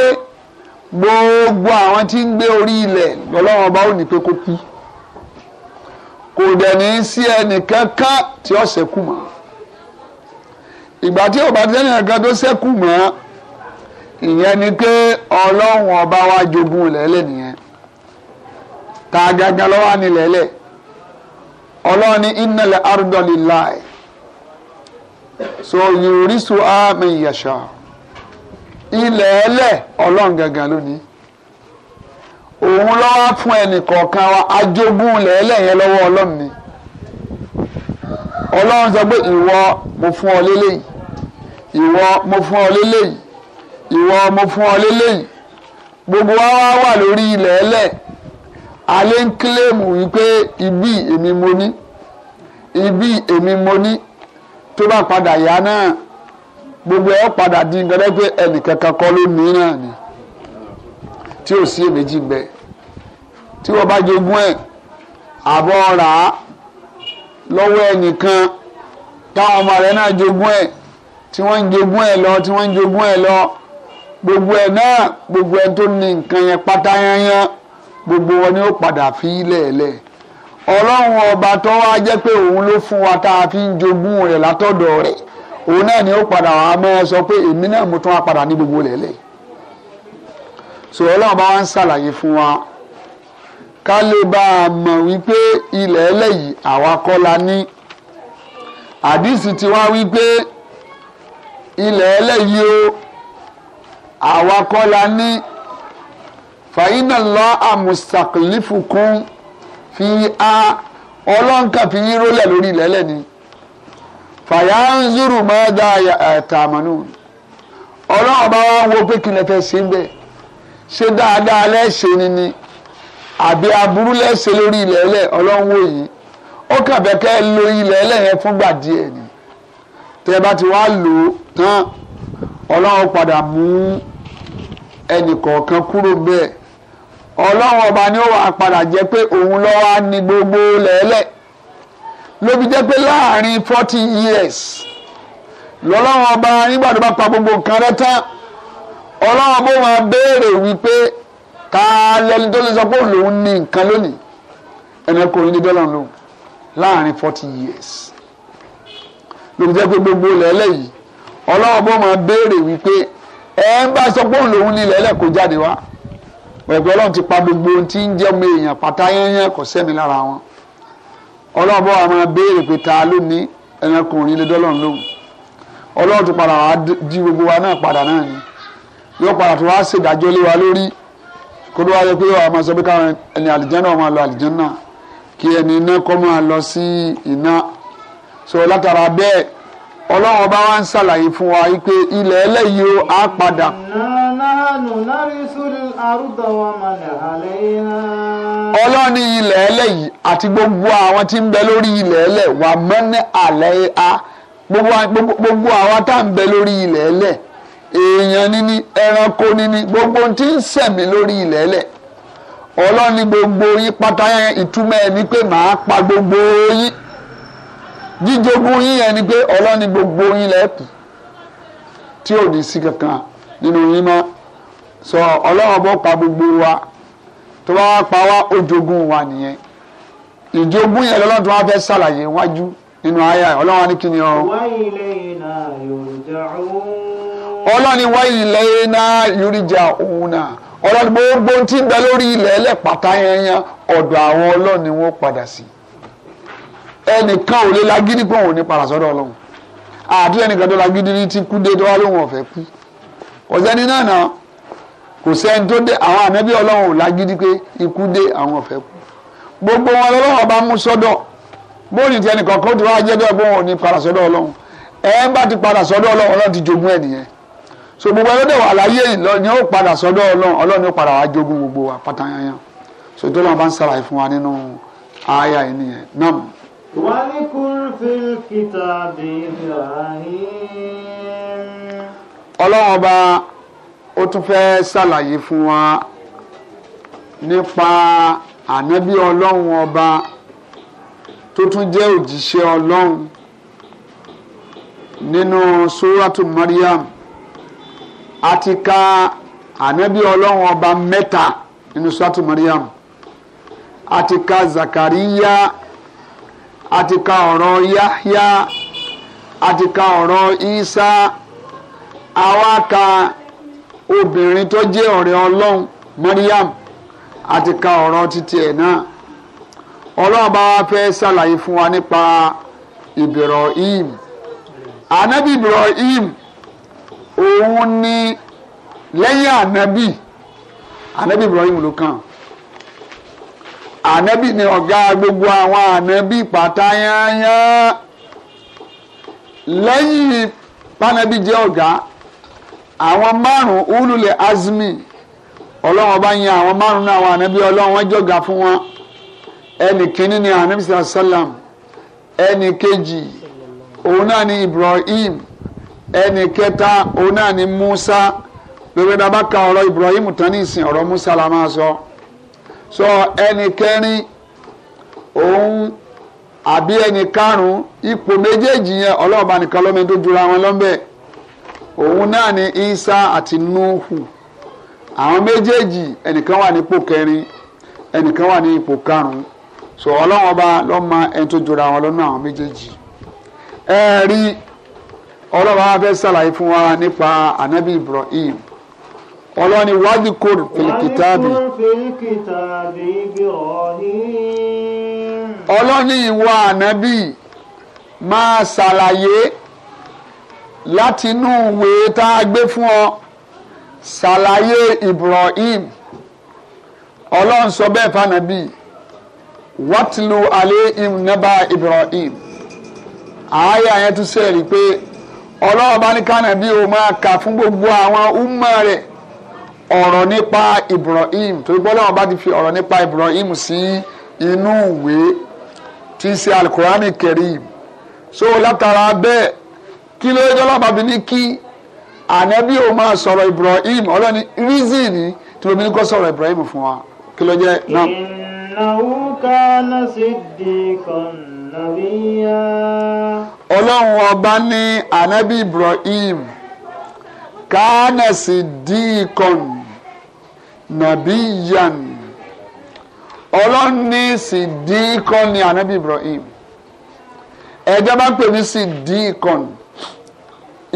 gbogbo àwọn tí ń gbé orí ilẹ̀ lọ́lọ́run ọba ò ní pé kó kú kò dẹ̀ ní í sí ẹnìkankan tí ó ṣẹ́kù mọ́ ìgbà tí ọba tí ẹnìkan tó ṣẹ́kù mọ́ ìyẹn ni pé ọlọ́run ọba wa jogún lẹ́lẹ̀ nìyẹn tá a gangan lọ́wọ́ á ní lẹ́lẹ̀ ọlọ́run ní so yorùsù àmì yẹ̀ṣọ́. ilẹ̀ ẹlẹ̀ ọlọ́run gangan lónìí òun lọ́wọ́ fún ẹnì kọ̀ọ̀kan wa ajogún ilẹ̀ ẹlẹ̀ yẹn lọ́wọ́ ọlọ́run ni ọlọ́run sọ pé ìwọ mo fún ọ lélẹ́yìí ìwọ mo fún ọ lélẹ́yìí ìwọ mo fún ọ lélẹ́yìí gbogbo wa wá wà lórí ilẹ̀ ẹlẹ̀ alẹ́ ń kílèmù wípé ibi èmi mo ní ibi èmi mo ní tó bá padà yá náà gbogbo ẹ̀ padà di nǹkan tó pé ẹnìkankan kọ́ ló ní náà ni tí ò sí èméjì ń bẹ tí wọ́n bá jogún ẹ̀ àbọ̀ rà á lọ́wọ́ ẹnìkan táwọn ọmọ rẹ̀ náà jogún ẹ̀ tí wọ́n ń jogún ẹ̀ lọ tí wọ́n ń jogún ẹ̀ lọ gbogbo ẹ̀ náà gbogbo ẹ̀ tó ní nǹkan yẹn pátá yányán gbogbo wọn ni ó padà fi lẹ̀lẹ̀ ọlọ́run ọba tó wá jẹ́ pé òun ló fún wa tá a fi ń jogún rẹ̀ látọ̀dọ̀ rẹ̀ òun náà ni ó padà wà á mẹ́rin sọ pé èmi náà mo tún wá padà ní gbogbo lẹ́lẹ̀ so ọlọ́run bá wá ń ṣàlàyé fún wa ká lè bá a mọ̀ wípé ilẹ̀ ẹlẹ́yìí àwa kọ́ la ní àdìsí ti wá wípé ilẹ̀ ẹlẹ́yìí o àwa kọ́ la ní fàyínà lọ fukun, fi á ọlọ́nkà fi yín rólẹ̀ lórí ilẹ̀ ẹlẹ́ni fàyàǹzùrù mọ́dà àtàmánú ọlọ́run bá wá wo pé kí lè fẹ́ ń bẹ̀. ṣé dáadáa lẹ́sẹ̀ ni ni àbí aburú lẹ́sẹ̀ lórí ilẹ̀ ẹlẹ̀ ọlọ́run wò yìí ó kàn bẹ́ẹ̀ lo ilẹ̀ ẹlẹ̀ yẹn fúngbà díẹ̀ ni tẹ́ ẹ bá ti wá lò ó tán ọlọ́run padà mú ẹnì kọ̀ọ̀kan kúrò bẹ́ẹ̀ ọlọ́run ọba ni ó wà padà jẹ́ pé òun ló wà ní gbogbo lẹ́lẹ́ẹ̀ lóbi jẹ́ pé láàrin forty years lọ́lọ́run ọba nígbà tó bá pa gbogbo nǹkan rẹ tán ọlọ́run bó máa béèrè wípé ta lẹni tó lè sọ pé òun ní nǹkan lónìí ẹnì kò ní dídọ́ lọ́run lóhùn láàrin forty years lóbi jẹ́ pé gbogbo lẹ́lẹ́yìí ọlọ́run bó máa béèrè wípé ẹ ń bá sọ pé òun lòun ní lẹ́lẹ́ kó jáde wá ẹgbẹ́ ọlọ́run ti pa gbogbo ohun tí ń jẹ́ ọmọ èèyàn pátá yányán kò sẹ́mi lára wọn ọlọ́run bọ́ wa máa béèrè pé ta ló ní ẹrankunrin lé dọ́lọ́run lóhùn ọlọ́run tó padà wá jí gbogbo wa náà padà náà ni yóò padà tó wá ṣèdájọ́ lé wa lórí kó ló wá yẹ pé wàá máa sọ pé káwọn ẹni àlìjánná máa lọ àlìjánná kí ẹni iná kọ́ máa lọ sí iná so látara bẹ́ẹ̀ ọlọ́run bá wá ń ṣàlàyé fún wa wípé ilẹ̀ ẹlẹ́yìí ó á padà. ọlọ́run ní ilẹ̀ ẹlẹ́yìí àti gbogbo àwọn tí ń bẹ lórí ilẹ̀ ẹlẹ́ wà mọ́ní àlẹ́ a gbogbo àwọn tá ń bẹ lórí ilẹ̀ ẹlẹ́ èèyàn níní ẹranko níní gbogbo tí ń sẹ̀mí lórí ilẹ̀ ẹlẹ́ ọlọ́run ní gbogbo yín pátá yẹn ìtumọ̀ ẹ̀ ní pé màá pa gbogbo yín. jíjogún yín ni pé ọlọ́ni gbogbo yín ti tí ò ní sí kankan nínú yín sọ ọlọ́run gbogbo wa tó bá wá pa wá ó wa nìyẹn ìjogún yẹn lọ́lọ́run tó fẹ́ ṣàlàyé wájú nínú àyà ọlọ́run ní kíni ọlọ́ni wá ilẹ̀ náà òun náà ọlọ́ni gbogbo ẹnìkan ò lè lagídí pé òun ò ní padà sọ́dọ̀ ọlọ́run àti ẹnìkan tó lagídí ní ti kú dé tó wá lóun ọ̀fẹ́ kú kò sẹ́ni náà náà kò sẹ́ni tó dé àwọn àmẹ́bí ọlọ́run ò lagídí pé ikú dé àwọn ọ̀fẹ́ gbogbo wọn lọ́wọ́ bá mú sọ́dọ̀ ti ẹnìkan kó tó wá jẹ́ bẹ́ẹ̀ ò ní sọ́dọ̀ ọlọ́run ẹ̀ ń bá ti so gbogbo wà láyé ọlọ́run ọba ó tún fẹ́ ṣàlàyé fún wa nípa ànábì ọlọ́run ọba tó tún jẹ́ òjíṣẹ́ ọlọ́run nínú suratu Maryam a ti ka ànábì ọlọ́run ọba mẹ́ta nínú suratu Maryam a ti ka Zakariya àti ka ọ̀rọ̀ Yahya àti ka ọ̀rọ̀ Isa àwa ka obìnrin tó jẹ́ ọ̀rẹ́ Ọlọ́run Mariam àti ka ọ̀rọ̀ títí ẹ̀ náà Ọlọ́run bá wa fẹ́ ṣàlàyé fún wa nípa Ibrahim anabi Ibrahim òun ni lẹ́yìn anabi anabi Ibrahim ló kàn án ànábì ni ọ̀gá gbogbo àwọn ànábì pàtàyányá lẹ́yìn pànábì jẹ́ ọ̀gá àwọn márùn-ún azmi ọlọ́run ọba yẹn àwọn márùn-ún náà àwọn ànábì ọlọ́run wọ́n jọ̀gá fún wọn ẹnì kínní ni ànábì sàlám ẹnì kejì òun náà ni Ibrahim ẹnì kẹta òun náà ni Musa gbogbo ẹ̀dá bá ka ọ̀rọ̀ Ibrahim tán ní ìsìn ọ̀rọ̀ Musa la máa sọ. So sọ ẹni kẹrin òun àbí ẹni karùn-ún ipò méjèèjì yẹn ọlọ́run nìkan lọ́mọ tó jura wọn lọ́mbẹ́ òun náà ni isa àti nuhu àwọn méjèèjì ẹnìkan wà nípò kẹrin ẹnìkan wà ní ipò karùn sọ ọlọ́run ọba lọ́mọ ẹni tó jura wọn lọ́nà àwọn méjèèjì ẹ rí ọlọ́run wa fẹ́ ṣàlàyé fún wa nípa anabi ibrahim ọlọ́ni wádìí kò fìlìkìtàbì ọlọ́ni ìwà ànábì máa ṣàlàyé látinú ìwé tá a gbé fún ọ ṣàlàyé Ibrahim ọlọ́run sọ bẹ́ẹ̀ fànàbí wàtìlú aléhìm Ibrahim àáyá yẹn tún sẹ́ẹ̀rí pé ọlọ́run bá ní o máa kà fún gbogbo àwọn umma rẹ̀ ọ̀rọ̀ nípa Ibrahim torí gbọ́dọ̀ wọn bá ti fi ọ̀rọ̀ nípa Ibrahim sí inú ìwé tí í ṣe alukurani Karim so látara bẹ́ẹ̀ kí ló yẹ jọlọ́ba bí ní kí ànábì ò máa sọ̀rọ̀ Ibrahim ọlọ́ni reason ni tí lómi ní kó sọ̀rọ̀ Ibrahim fún wa kí ló jẹ́ náà. ìnáwó kana siddiqan nabiyya. ọlọ́run ọba ní ànábì Ibrahim kánà sí díìkọ̀nù nàbíyàn ọlọ́run ní sídìíkọ́ ni anabi Ibrahim ẹ̀jẹ̀ bá ń pè ní sídìíkọ́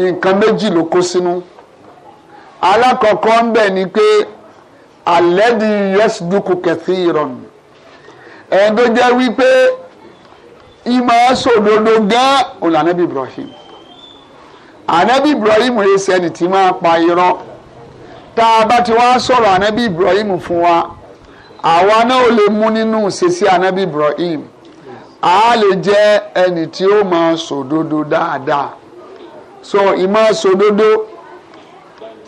nǹkan méjì ló kó sínú alákọ̀ọ́kọ́ ń bẹ̀ ni pé alẹ́dí yẹ́sùdúkù kẹ̀tì ìrọ̀nù tó jẹ́ wípé ìmọ̀ sòdodo gan ọ̀lànàbí Ibrahim Anabi Ibrahim rẹ̀ sẹ́ni tí máa pa irọ́ tá a bá ti wá sọ̀rọ̀ ànábì Ibrahim fún wa àwa náà ò lè mú nínú ìṣesí ànábì Ibrahim a lè jẹ́ ẹni tí ó máa sòdodo dáadáa so ìmọ̀ sòdodo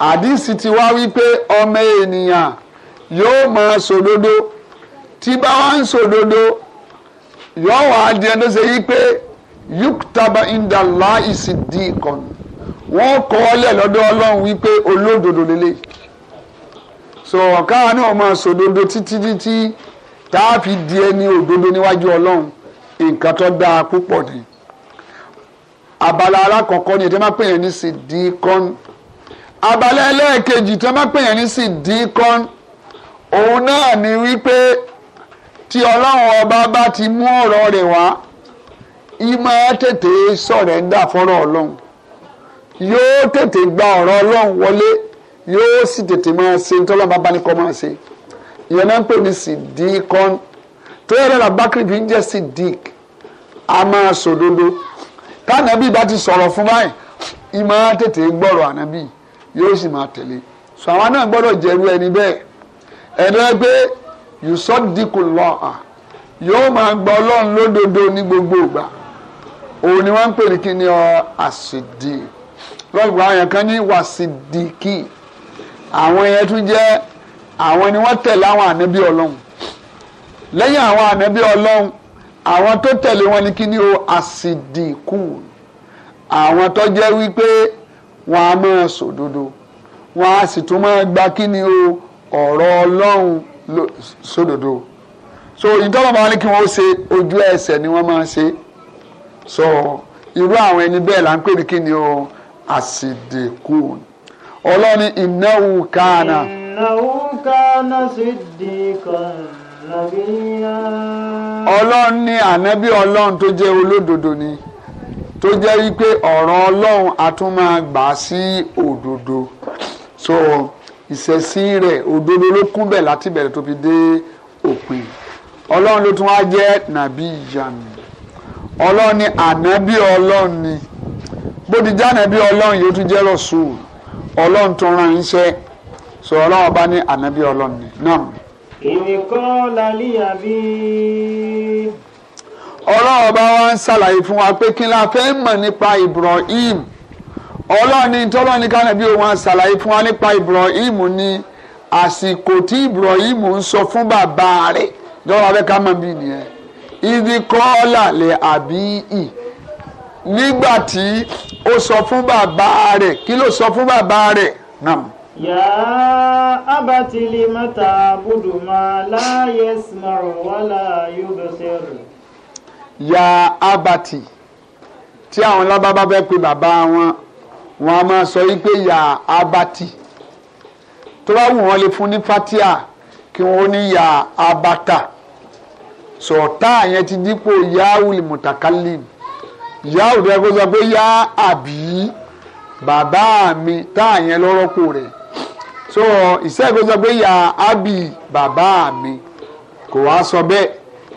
àdìsí ti wá wípé ọmọ ènìyàn yóò máa sòdodo tí bá wá ń sòdodo yóò wá di ẹni tó ṣe wípé yuktaba inda láìsí dìkan wọ́n kọ́ ọ́ lẹ̀ lọ́dọ̀ wípé olódodo lélẹ́yìí so káwa náà máa sòdodo títí títí tá a fi di ẹni òdodo níwájú ọlọ́run nǹkan tó dáa púpọ̀ ni abala alákọ̀ọ́kọ́ ni ètò máa pè yẹn ní sídìíkọ́n abala ẹlẹ́ẹ̀kejì tó máa pè yẹn ní sídìíkọ́n òun náà ni wípé tí ọlọ́run ọba bá ti mú ọ̀rọ̀ rẹ̀ wá ìmọ̀ tètè sọ̀rẹ́ńdà fọ́rọ̀ ọlọ́run yóò tètè gba ọ̀rọ̀ ọlọ́run wọlé yóò sì tètè máa ṣe nítorí ọba bá ní kọ́ máa ṣe ìyẹn náà ń pè ní sidikon tóyẹ náà làbákìrì fi ń jẹ́ sidik a máa sòdodo tànàbí bá ti sọ̀rọ̀ fún báyìí ìmọ̀ á tètè gbọ́rọ̀ ànábì yóò sì máa tẹ̀lé sọ àwọn náà gbọ́dọ̀ jẹ́rú ẹni bẹ́ẹ̀ ẹ̀dọ́ pé yusuf dikun yóò máa gba ọlọ́run lódodo ní gbogbo ìgbà òun ni wọ́n ń pè ní kí ni ọ àsìdì lọ́gbọ̀n àyàn ní wàsídìkì àwọn yẹn tún jẹ́ àwọn ni wọ́n tẹ̀lé àwọn ànábì ọlọ́run lẹ́yìn àwọn ànábì ọlọ́run àwọn tó tẹ̀lé wọn ni kí ni o àsìdìkù àwọn tó jẹ́ wípé wọn a máa sòdodo wọn a sì tún máa gba kí ni o ọ̀rọ̀ ọlọ́run sódodo so ìtọ́lọ́ máa ní kí wọ́n ṣe ojú ẹsẹ̀ ni wọ́n máa ṣe so irú àwọn ẹni bẹ́ẹ̀ là ń pè ní kí ni o àsìdìkù ọlọ́ni ìnáwó kánà. ìnáwó kánà siddiqan nabiyya. ọlọ́run ní ànábì ọlọ́run tó jẹ́ olódodo ni tó jẹ́ wípé ọ̀rọ̀ ọlọ́run a tún máa gbà sí òdodo so ìṣesí rẹ̀ òdodo ló kún bẹ̀ láti bẹ̀rẹ̀ tó fi dé òpin ọlọ́run ló tún wá jẹ́ nàbí ìyanu ọlọ́run ní ànábì ọlọ́run ni bó ti jẹ́ ànábì ọlọ́run yóò tún jẹ́ rọ̀ṣùn ọlọ́run tó rán yín ṣẹ́ sọ ọlọ́run bá ní ànábì ọlọ́run ni náà. ìnìkan lálẹ́ àbí. ọlọ́run bá wá ń ṣàlàyé fún wa pé kí la fẹ́ mọ̀ nípa Ibrahim ọlọ́run ní tọ́lọ́ ní kánàbí wọn ṣàlàyé fún wa nípa Ibrahim ní àsìkò tí Ibrahim ń sọ fún bàbá rẹ̀ lọ́wọ́ abẹ́ká mọ̀ bí nìyẹn ìdíkọ́ ọ̀là lè àbí ì nígbà tí ó sọ fún bàbá rẹ̀ kí ló sọ fún bàbá rẹ̀ náà. Yà á abati lima ta'budu ma la yasma'u wa la yubsir. Yà á abati tí àwọn lábábá fẹ́ pe bàbá wọn wọn a máa sọ wípé yà abati tó bá wù wọn lè fún ní fatia kí wọn ó ní yà abata sọ̀tá yẹn ti dípò yahoo mutakallim. So, ìyá òde kó sọ pé yá àbí bàbá mi tá àyẹn lọ́rọ́pò rẹ̀ so ìṣe kó sọ pé yá àbí bàbá mi kò wá sọ bẹ́ẹ̀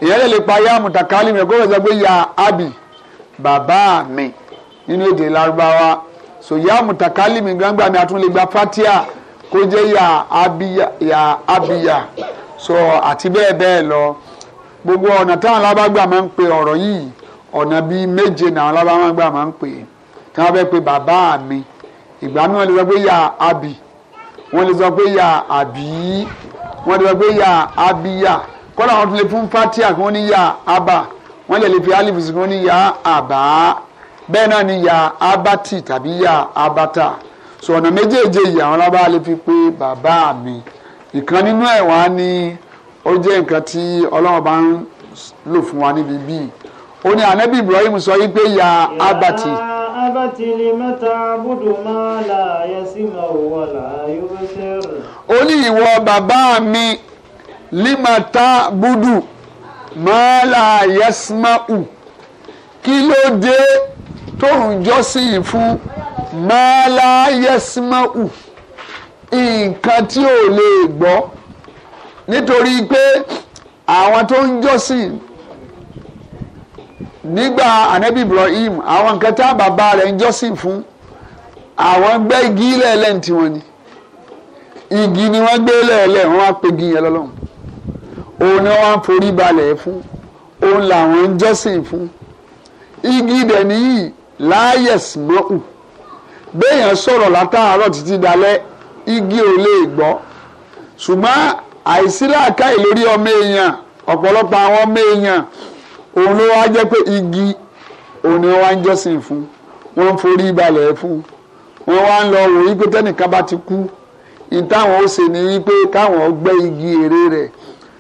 ìyá lè lè pa yá mùtàkálì mi kó sọ pé yá àbí bàbá mi nínú èdè Lárúbáwá so yá mùtàkálì mi gbangba mi àtúnlẹ̀ gba fatia kó jẹ́ yá abiya yá abiya so àti bẹ́ẹ̀ bẹ́ẹ̀ lọ gbogbo ọ̀nà táwọn alábàgbà máa ń pe ọ̀rọ̀ yìí ọ̀nà bíi méje náà lábáwá gbà máa ń pè é tí wọ́n fẹ́ pe bàbá mi ìgbà mi wọ́n lè sọ pé yà àbí wọ́n lè sọ pé yà àbí wọ́n lè sọ pé yà àbíyà kọ́lá wọn tún lè fún fatia kí wọ́n ní yà àbà wọ́n lè lè fi alif kí wọ́n ní yà àbá bẹ́ẹ̀ náà ni yà abati tàbí yà abata so ọ̀nà méjèèjì yìí àwọn lábáwá lè fi pe bàbá mi ìkan nínú ẹ̀ wá ní ó jẹ́ nǹkan tí ọlọ́run bá ń lò fún wa níbi bíi ó ní ànábì Ibrahim sọ yí pé ya abati. abati lè mẹ́ta búdù máa là yẹ sí màá wà ó ní ìwọ bàbá mi limata budu mala là yẹ sí màá wù kí ló dé tó ń jọ́sìn fún máa là yẹ sí nǹkan tí ò lè gbọ́ nítorí pé àwọn tó ń jọ́sìn nígbà anabi ibrahim àwọn nǹkan tá bàbá rẹ̀ ń jọ́sìn fún àwọn gbẹ́ igi lẹ́ẹ̀lẹ́ tí wọ́n ní igi ni wọ́n gbé lẹ́ẹ̀lẹ́ wọ́n á pe igi yẹn lọ́lọ́run òun ni wọ́n forí balẹ̀ fún òun làwọn ń jọ́sìn fún igi dẹ̀ níyì láyẹ̀s mọ́kù béèyàn sọ̀rọ̀ látàárọ̀ títí dalẹ́ igi ò lè gbọ́ ṣùgbọ́n àìsí làákàyè lórí ọmọ èèyàn ọ̀pọ̀lọpọ̀ àwọn ọmọ èèyàn òun ló wá jẹ́ pé igi òun ni wọ́n wá ń jọ́sìn fún wọ́n ń forí balẹ̀ fún wọ́n wá ń lọ wò wípé tẹ́nìkan bá ti kú ìtàwọn ó ṣe ní wípé káwọn gbẹ́ igi ère rẹ̀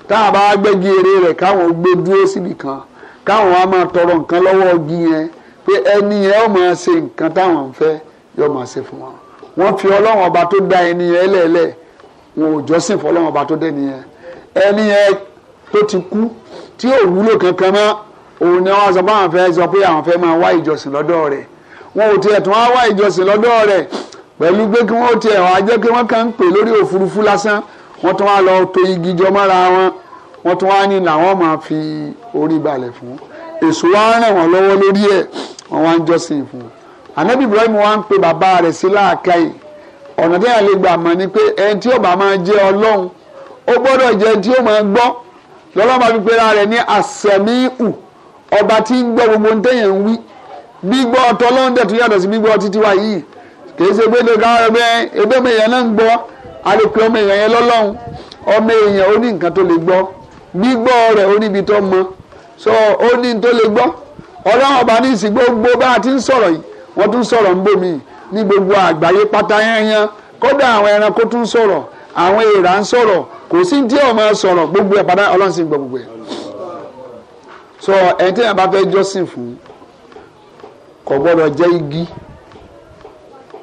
táwọn bá gbẹ́ igi ère rẹ̀ káwọn gbé dúró síbìkan káwọn wá máa tọrọ nǹkan lọ́wọ́ igi yẹn pé ẹni yẹn ó máa ṣe nǹkan táwọn ń fẹ́ yóò máa ṣe fún wọn wọ́n fi ọlọ́run ọba tó dá ẹni yẹn lẹ́ẹ̀lẹ́ẹ̀ wọn ò jọ́sìn fún ọba tó dẹ́ni yẹn ẹni yẹn tó ti kú tí ò wúlò kankan mọ́ òun ni wọ́n sọ pé àwọn fẹ́ sọ pé àwọn fẹ́ máa wá ìjọsìn lọ́dọ̀ rẹ̀ wọn ò tiẹ̀ tún wá wá ìjọsìn lọ́dọ̀ rẹ̀ pẹ̀lú pé kí wọ́n tiẹ̀ wá jẹ́ kí wọ́n kàn ń pè lórí òfurufú lásán wọ́n tún wá lọ to igi jọ mọ́ra wọn wọ́n tún wá ní làwọn máa fi orí balẹ̀ fún èso wa ràn wọ́n lọ́wọ́ lórí ẹ̀ wọ́n wá ń jọ́sìn fún ànábì Ibrahim wá ń pe bàbá rẹ̀ sí láàkàyè ọ̀nà tí àlè gbà mọ̀ ni pé ẹni tí ó bá máa jẹ́ ọlọ́run ó gbọ́dọ̀ jẹ́ ẹni tí ó máa gbọ́ lọ́lọ́ máa fi pera rẹ̀ ní àsẹ̀míhù ọba tí ń gbọ́ gbogbo ntẹ́yẹ̀ ń wí gbígbọ́ ọtọ lọ́ńdẹ̀ tó yàtọ̀ sí gbígbọ́ títí wa yìí kì í ṣe pé lóga ẹgbẹ́ ẹgbẹ́ ọmọ èèyàn náà ń gbọ́ àlèkè ọmọ èèyàn yẹn lọ́lọ́run ọmọ èèyàn ó ní nǹkan tó lè gbọ́ gbígbọ́ rẹ̀ ó níbi tó mọ so ó ní tó lè gbọ́ ọlọ́run ọba ní ìsìn gbogbo bá a ti ń sọ̀rọ̀ yìí wọ́n tún àwọn èèrà ń sọ̀rọ̀ kò sí tí ọ̀ máa sọ̀rọ̀ gbogbo ẹ̀ padà ọlọ́run sì ń gbọ́ gbogbo ẹ̀ sọ ẹni tí yàrá bá fẹ́ jọ́sìn fún kò gbọ́dọ̀ jẹ́ igi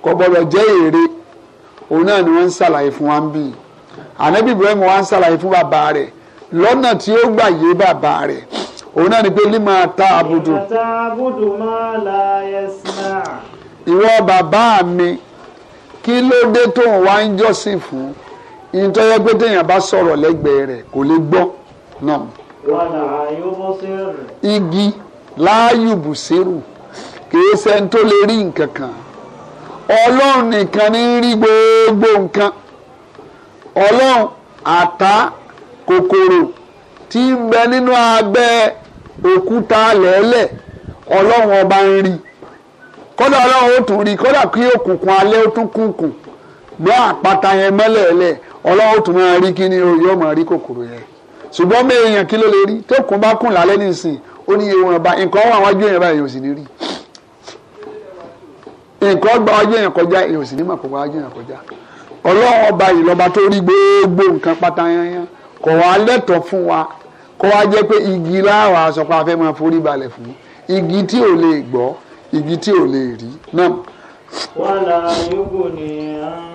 kò gbọ́dọ̀ jẹ́ èrè òun náà ni wọ́n ń ṣàlàyé fún wa ń bì ànábì Ibrahim wa ń ṣàlàyé fún bàbá rẹ̀ lọ́nà tí ó gbà yé bàbá rẹ̀ òun náà ni pé lima ta abudu. lima ta abudu máa la yasma. ìwọ bàbá mi kí ló dé tó ń wá ń jọ́sìn fún ìtọ́jọ́ pé téèyàn bá sọ̀rọ̀ lẹ́gbẹ̀ẹ́ rẹ̀ kò lè gbọ́ náà. igi láàyò bùsírù kìí sẹ́ni tó lè rí nǹkan kan ọlọ́run nìkan ní rí gbogbo nǹkan ọlọ́run àtá kòkòrò tí ń bẹ nínú abẹ́ òkúta lẹ́lẹ̀ ọlọ́run ọba ń rí kódà ọlọ́run ó tún rí kódà kí òkùnkùn alẹ́ ó tún kùnkùn gbé àpáta yẹn mọ́lẹ̀ẹ́lẹ̀ ọlọ́run tún máa rí kíni o yóò máa rí kòkòrò yẹn ṣùgbọ́n mi èèyàn kí ló lè rí tó kún bá kùn lálẹ́ nísìn ó ní ìwọ̀n ba nǹkan wà wájú èèyàn báyìí èèyàn sì ní rí nǹkan gba wájú èèyàn kọjá èèyàn sì ní mọ̀ kó gba wájú èèyàn kọjá ọlọ́run ọba yìí lọ́ba tó rí gbogbo nǹkan pátá yányán kò wá lẹ́tọ̀ fún wa kó wá jẹ́ pé igi láwa sọ pé a fẹ́ máa forí balẹ̀ fún igi tí ò lè gbọ́ igi tí ò lè rí náà. wàhálà yóò gbò ní àná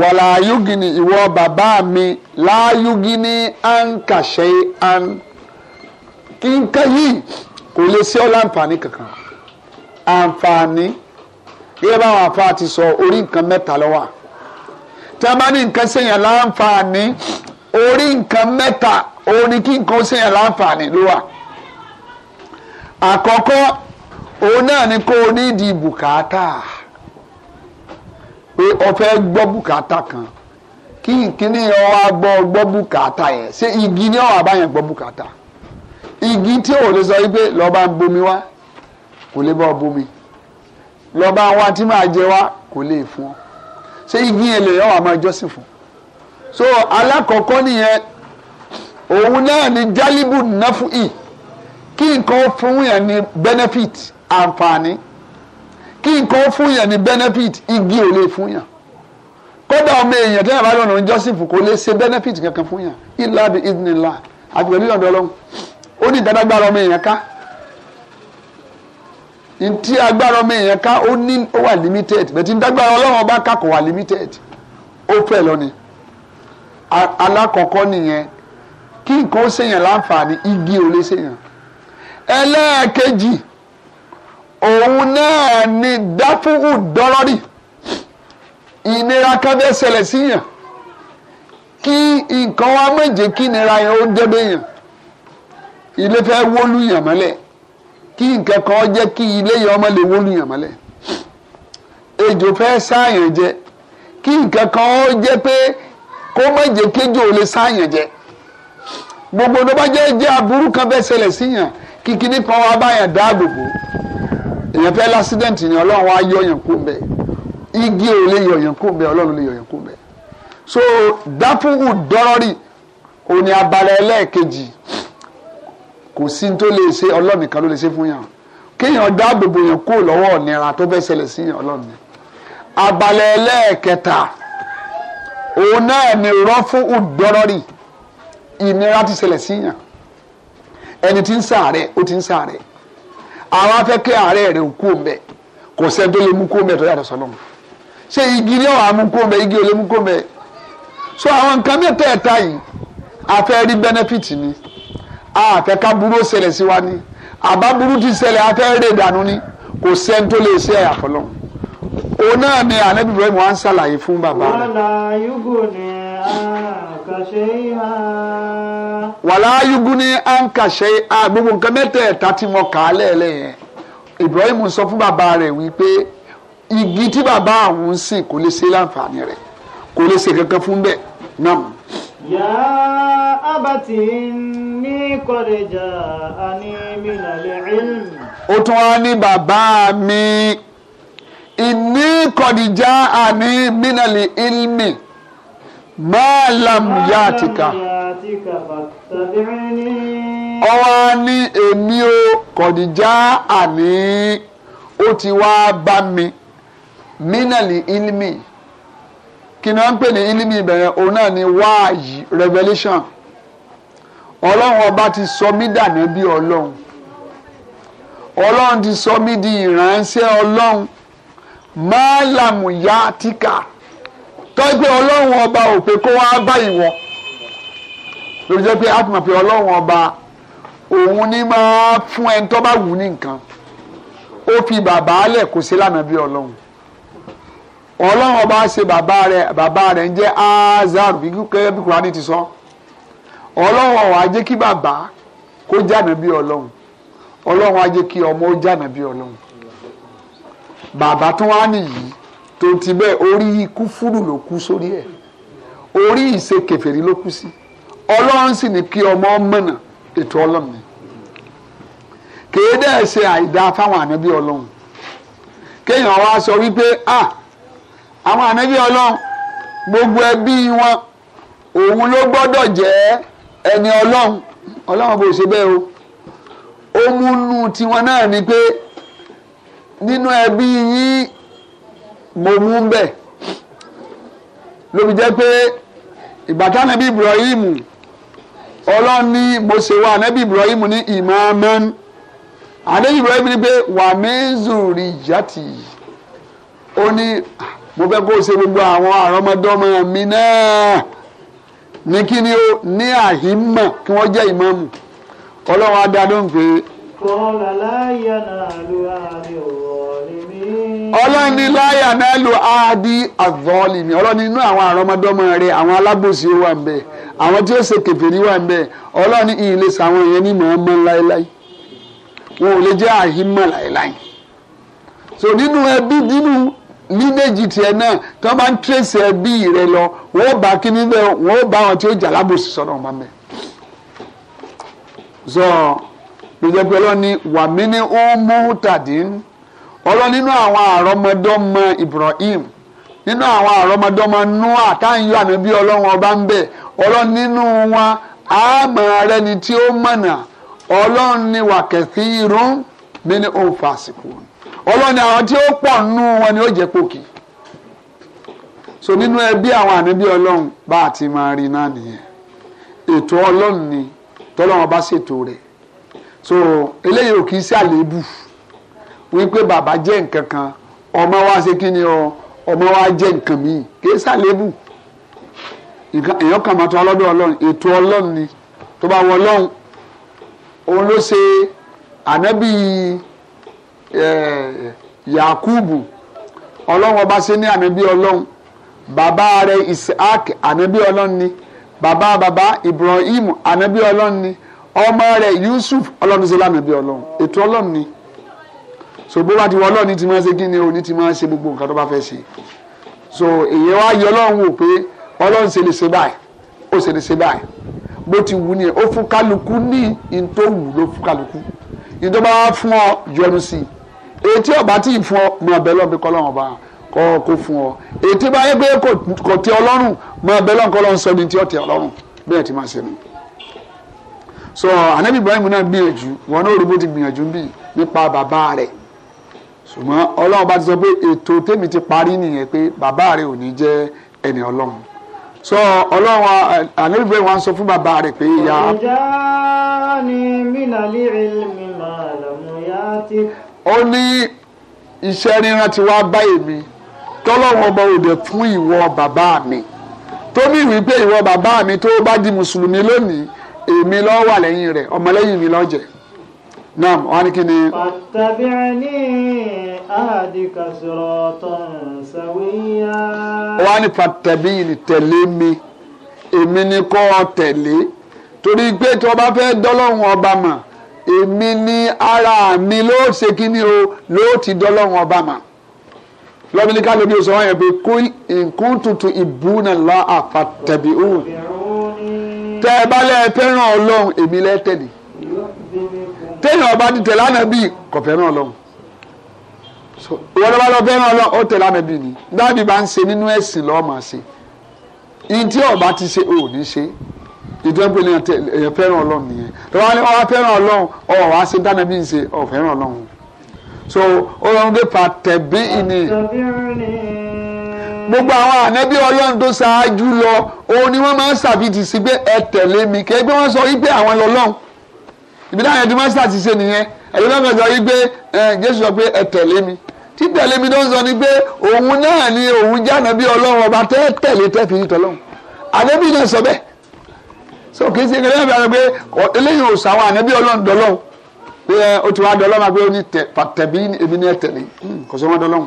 wàlà yúgìnì ìwọ bàbá mi láyúgìnì ànkàṣe àn an nǹkan yìí kò lè sí ọ láǹfààní kankan àǹfààní gẹ́gẹ́ báwọn afa ti sọ orí nǹkan mẹ́ta ló wà tí a bá ní nǹkan sèyàn láǹfààní orí nǹkan mẹ́ta òun ni kí láǹfààní ló wà àkọ́kọ́ òun náà ni kó o ní ìdí bùkátà pé o fẹ́ gbọ́ bùkátà kan kí nkíní yẹn wá gbọ́ gbọ́ bùkátà yẹn ṣé igi ni ọ̀wà bá yẹn gbọ́ bùkátà igi tí ò lè sọ wípé lọ́ba ń bomi wá kò lè bá ọ bomi lọ́ba wa tí máa jẹ wá kò lè fún ọ ṣé igi yẹn lè ọ̀wà máa jọ́sìn fún so alákọ̀ọ́kọ́ nìyẹn òun náà ni jálíbù náfù ì kí nǹkan fún yẹn ní benefit àǹfààní kí nǹkan fún yàn ní benefit igi ò lè fún yàn kódà ọmọ èèyàn tẹ́yàn bá lọ́nà joseph kò lè ṣe benefit kankan fún yàn ilá bi idinla àti pẹ̀lú ìyọ̀dọ̀ ọlọ́run ó ní ìdádágbára ọmọ èèyàn ká ntí agbára ọmọ èèyàn ká ó ní ó wà limited bẹ̀tí ndágbára ọlọ́run ọba ká kò wà limited ó pẹ̀ lọ́ni alákọ̀ọ́kọ́ nìyẹn kí nǹkan ó ṣèyàn láǹfààní igi ò lè ṣèyàn ẹlẹ́ẹ̀kejì òun náà ni dáfúrú dọ́lọ́rì ìnira kan fẹ́ ṣẹlẹ̀ síyàn kí nǹkan wa méje kí ìnira yẹn ó débẹ̀ yàn ilé fẹ́ wólú yàn mọ́lẹ̀ kí nǹkan kan jẹ́ kí ilé yẹn ọmọ lè wólú yàn mọ́lẹ̀ ejò fẹ́ sáyàn jẹ kí nǹkan kan ó jẹ́ pé kó méje kéjò lè sáyàn jẹ gbogbo ló bá jẹ́ jẹ́ aburú kan fẹ́ ṣẹlẹ̀ síyàn kíkiní kan wa báyàn dáàbò bò ó èèyàn fẹ́ l'accident ni ọlọ́run wá yọ yẹn kú bẹ́ẹ̀ igi ò lè yọ yẹn kú bẹ́ẹ̀ ọlọ́run lè yọ yẹn kú bẹ́ẹ̀ so dáfúhù dọ́rọ́rì òní abalẹ̀ ẹlẹ́ẹ̀kejì kò sí tó lè ṣe ọlọ́run nìkan ló lè ṣe fún yàn kéèyàn dáàbòbò yẹn kú lọ́wọ́ ọ̀nira tó fẹ́ ṣẹlẹ̀ sí yàn ọlọ́run ni abalẹ̀ ẹlẹ́ẹ̀kẹta òun náà ni rọ́fúhù dọ́rọ́rì ìnira ti ṣẹlẹ̀ sí yàn ẹni tí ń ṣàárẹ̀ ó ti ń ṣàárẹ̀ àwa fẹ́ kí àárẹ̀ rẹ̀ kú mẹ́ kò sẹ́ni tó lè mú kó mẹ́ tó yàtọ̀ sọ́nà mu ṣé igi ni àwọn amú kó mẹ́ igi ò lè mú kó mẹ́ so àwọn nǹkan mẹ́tẹ̀ẹ̀ta yìí a fẹ́ rí benefit ni a fẹ́ ká burú ṣẹlẹ̀ sí wa ni àbá burú ti ṣẹlẹ̀ a dànù ni kò sẹ́ni tó lè ṣe àfọlọ́n òun náà ni ànábì Ibrahim wa ń ṣàlàyé fún bàbá rẹ̀. wọ́n la yúgò ní àá wàlá yuguni anka ṣe a gbogbo nǹkan mẹ́tẹ̀ẹ̀ta tí mo kà á lẹ́ẹ̀lẹ́ yẹn Ibrahim sọ fún bàbá rẹ̀ wípé igi tí bàbá àwọn ń sìn kò lè ṣe láǹfààní rẹ̀ kò lè ṣe kankan fún bẹ́ẹ̀ náà. yà á ní kọ́dẹ̀jà àní mílàlẹ̀ ilmi. ó tún wá ní bàbá mi ìní kọ́dìjà àní mílàlẹ̀ ilmi mọ́ọ̀lám yáàtìkà ọwọ́ ní èmi o kọ̀díjà àní ó ti wá bá mi mínàlì ilmi kí ni wọ́n pè ní ilmi ìbẹ̀rẹ̀ òun náà ni wáàyí revelation ọlọ́run ọba ti sọ mí dànù bí ọlọ́run ọlọ́run ti sọ mí di ìránṣẹ́ ọlọ́run mọ́ọ̀lám yáàtìkà tọ́jú ọlọ́run ọba ò pé kó wá bá ìwọ lórí jẹ́ pé a ti mọ̀ pé ọlọ́run ọba òun ní máa fún ẹni tó bá wù ní nǹkan ó fi bàbá lẹ̀ kó ṣe lánàá bí ọlọ́run ọlọ́run ọba ṣe bàbá rẹ̀ bàbá rẹ̀ ń jẹ́ azar bí kẹ́kẹ́ bí kùránì ti sọ ọlọ́run ọ̀wá jẹ́ kí bàbá kó jànà bí ọlọ́run ọlọ́run á kí ọmọ ó jànà bí ọlọ́run bàbá tó wá nìyí tó ti bẹ́ẹ̀ orí ikú fúrù ló kú sórí ẹ̀ orí ìṣe kèfèrí ló kú sí ọlọ́run sì ní kí ọmọ mọ̀nà ètò ọlọ́run ni kèé dẹ́ ṣe àìdá fáwọn ànábí ọlọ́run kéèyàn wá sọ wípé ah àwọn ànábí ọlọ́run gbogbo ẹbí wọn òun ló gbọ́dọ̀ jẹ́ ẹni ọlọ́run ọlọ́run bó ṣe bẹ́ẹ̀ o ó múnú tiwọn náà ni pé nínú ẹbí yín mo mú bẹ́ẹ̀ lóbi jẹ́ pé ìbátánẹ́bí Ibrahim ọlọ́run ní mo ṣe wá ànẹ́bí Ibrahim ní ìmọ̀ọ́mọ́n ànẹ́bí Ibrahim ní pé wà mí zùrì jàtì ó ní mo fẹ́ kó ṣe gbogbo àwọn àrọ́mọdọ́mọ mi náà ní kí ni ó ní àhímọ̀ kí wọ́n jẹ́ ìmáàmù ọlọ́run á dá lóhùn pé. kọ́ńtà láyé náà ló rà mí ọ̀rọ̀ ọlọ́run ní láyà náà lo áádí mi ọlọ́run nínú àwọn àrọ́mọdọ́mọ rẹ àwọn alábòsí wà ń bẹ àwọn tí ó ṣe kèfèrí wà ń bẹ ọlọ́run ní ìyìn lè sàwọn yẹn ní mọ̀ọ́mọ́ láéláé wọn ò lè jẹ́ àhímọ̀ láéláé so nínú ẹbí nínú líléjì tiẹ̀ náà tí wọ́n bá ń ẹbí rẹ lọ wọ́n bá kíní bẹ́ẹ̀ wọ́n bá àwọn tí ó jà lábòsí sọ́nà ọ̀ma mẹ́ so ọlọ́run ní wàmí ní ó mú ọlọ́ nínú àwọn Ibrahim nínú àwọn àrọ́mọdọ́mọ Noah táyọ̀ ànábí ọlọ́run ọba ń bẹ̀ ọlọ́ nínú wọn àmọ́ rẹ ni tí ó ni wàkẹ́sí irun mi ní àwọn tí so nínú ẹbí àwọn ànábí bá a ti máa rí náà nìyẹn ètò ọlọ́run ni ṣètò eléyìí ò kì í ṣàlébù. wípé bàbá jẹ́ nǹkan kan ọmọ wa ṣe kí ni o ọmọ wa jẹ́ nǹkan míì kìí ṣàlébù èèyàn kan máa tọ́ ọlọ́dọ̀ ọlọ́run ètò ọlọ́run ni tó bá wọ ọlọ́run òun ló ṣe ànábì yakubu ọlọ́run ọba ṣe ní ànábì ọlọ́run bàbá rẹ̀ isaac ànábì ọlọ́run ni bàbá bàbá ibrahim ànábì ọlọ́run ni ọmọ rẹ̀ yusuf ọlọ́run ṣe lánàbì ọlọ́run ètò ọlọ́run ni so bó bá ti wọ ọlọ́run ní ti máa ṣe kí ni o ní ti máa ṣe gbogbo nǹkan tó bá fẹ́ ṣe so èyí wá yọ ọlọ́run wò pé ọlọ́run ṣe lè ṣe báyìí ó ṣe lè ṣe báyìí bó ti wù ni ó fún kálukú ní in tó wù ló fún kálukú in tó bá wá fún ọ yọnu sí i etí ọba tí ì fún ọ mọ ọbẹ lọ́ọ́ bí kọ́ lọ́wọ́ bá kó fún ọ etí bá yẹ pé kò tẹ ọlọ́run mọ ọbẹ lọ́ọ́ kọ́ sọ ní tí ọ tẹ ọlọ́run bẹ́ẹ̀ ti máa ṣe nù so anabi ibrahim náà gbìyànjú wọn náà rí bó ti gbìyànjú bí nípa bàbá rẹ̀ ṣùgbọ́n ọlọ́run bá ti sọ pé ètò tèmi ti parí nìyẹn pé bàbá rẹ ò ní jẹ́ ẹni ọlọ́run so ọlọ́run ànábìbẹ́ wa ń sọ fún bàbá rẹ̀ pé ya. ọjà ni mínàlí ilmi máa lọ́mú yá ti. ó ní iṣẹ́ ríran ti wá bá èmi tọ́lọ́run ọba òde fún ìwọ bàbá mi tó ní ìwé pé ìwọ bàbá mi tó bá di mùsùlùmí lónìí èmi ló wà lẹ́yìn rẹ̀ ọmọlẹ́yìn mi ló jẹ́ náà wọ́n ní kí ni. fattabi'ni ahdika siratan sawiyya. wọ́n ní fattabi'ni ni kọ́ ọ tẹ̀lé torí pé tí wọ́n bá fẹ́ dọ́lọ́run ọba mà èmi ni ara mi ló ṣe kí ni o ló ti dọ́lọ́run ọba mà lọ́bìnrin ní kálóbi ọ̀sán wọn yẹn pé kul in kuntum ìbúnà lọ́ àfàtẹ̀bíhùn tẹ́ ẹ bá lẹ́ẹ̀ fẹ́ràn ọlọ́run èmi lẹ́tẹ̀lé téèyàn ọba ti tẹ̀lé ànábì kò fẹ́ràn ọlọ́run wọ́n lọ́ba lọ fẹ́ràn ọlọ́run ó tẹ̀lé ànábì ni dábì bá ń ṣe nínú ẹ̀sìn lọ́ọ́ máa ṣe ihun tí ọba ti ṣe ò ní ṣe ìjọba èèyàn fẹ́ràn ọlọ́run nìyẹn lọ́wọ́ ni ọba fẹ́ràn ọlọ́run ọ̀ wá ṣe dánábì ń ṣe ọ̀ fẹ́ràn ọlọ́run so ọlọ́run dé pa tẹ̀bí ìní gbogbo àwọn ànábì ọlọ́run tó ṣáájú lọ òun ni wọ́n máa ń ṣàbìtì sí pé ẹ tẹ̀lé mi kẹ́ gbé wọ́n sọ wípé àwọn lọ́lọ́run ibi táwọn ẹdín mọ́sítà ti ṣe nìyẹn ẹ̀yin náà kan yí pé jésù sọ pé ẹ tẹ̀lé mi tí tẹ̀lé mi tó ń sọ ni pé òun náà ni òun jáná bí ọlọ́run ọba tẹ́ tẹ̀lé tẹ́ fi tọ́lọ́run àdébí náà sọ bẹ́ẹ̀ so kì í ṣe kẹlẹ́ bẹ̀rẹ̀ pé eléyìí ò sáwọn ànábí ọlọ́run dọ́lọ́run pé ó ti wá dọ́lọ́run pé ó ní tẹ̀bí èmi ní ẹ tẹ̀lé hmm, kò sọ́wọ́n dọ́lọ́run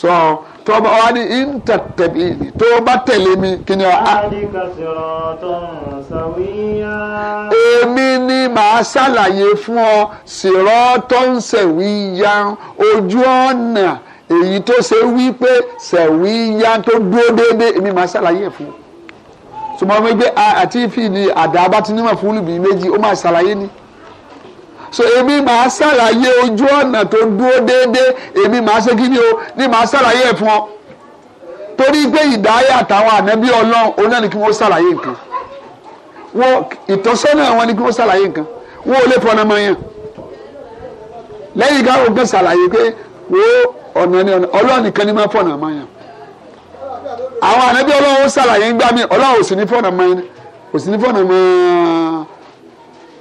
so tó bá wá ní ìntà tẹ̀bí tó bá tẹ̀lé mi kí ni ọ èmi ni màá ṣàlàyé fún ọ sìrọ́ tó ń sẹ̀wí ya ojú ọ̀nà èyí tó ṣe wí pé sẹ̀wí ya tó dúró déédéé èmi màá ṣàlàyé fún ọ sọmọ mi gbé àti fi ni àdàbà tí nímọ̀ fún olùbí méjì ó máa ṣàlàyé ni so èmi màá ṣàlàyé ojú ọ̀nà tó dúró déédéé èmi màá ṣe kí ni o ni màá ṣàlàyé ẹ̀ fún ọ torí pé ìdáyà àtàwọn ànábí ọlọ́run onáà ni kí wọ́n ṣàlàyé nǹkan wọn ìtọ́sọ́nà wọn ni kí wọ́n ṣàlàyé nǹkan wọn ò lè pọnà mọ́ yẹn lẹ́yìn ká ogun ṣàlàyé pé wo ọ̀nà ni ọ̀nà ọlọ́run nìkan ni máa pọnà mọ́ yẹn àwọn ànábí ọlọ́run ṣàlàyé ń gbá mi ọlọ́run ò sì ní pọnà mọ́ yẹn kò sí ní fọ̀nàmọ́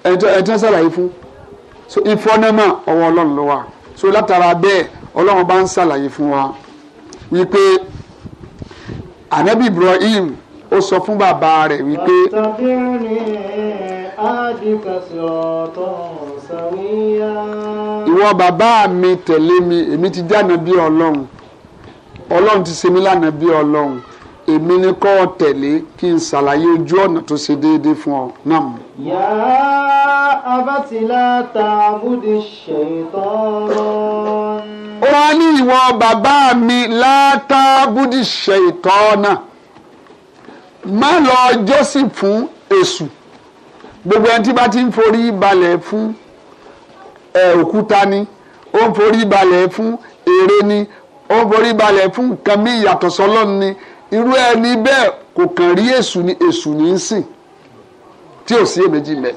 ẹni tí wọ́n ṣàlàyé fún so ìfọ̀nàmọ́ ọwọ́ ọlọ́run ló wà so látara bẹ́ẹ̀ ọlọ́run bá ń ṣàlàyé fún wa wípé anabi Ibrahim ó sọ fún bàbá rẹ̀ wípé. ìwọ bàbá mi tẹ̀lé mi èmi ti jáde bí ọlọ́run ọlọ́run ti ṣe mí lánàá bí ọlọ́run èmi ni kọ́ ọ tẹ̀lé kí n ṣàlàyé ojú ọ̀nà tó ṣe déédéé fún ọ náà. yá abátí láta búdi ṣètọ́rọ́. ó wá ní ìwọ bàbá mi láta ṣètọ́ náà má lọ jọ́sìn fún èṣù gbogbo ẹni tí bá ti ń forí balẹ̀ fún ẹ òkúta ni ó ń forí balẹ̀ fún èrè ni ó ń forí balẹ̀ fún nǹkan mí ìyàtọ̀ sọlọ́run ni irú ẹni bẹ́ẹ̀ kò kàn rí èṣù ni èṣù ní í sìn tí ò sí èméjì mẹ́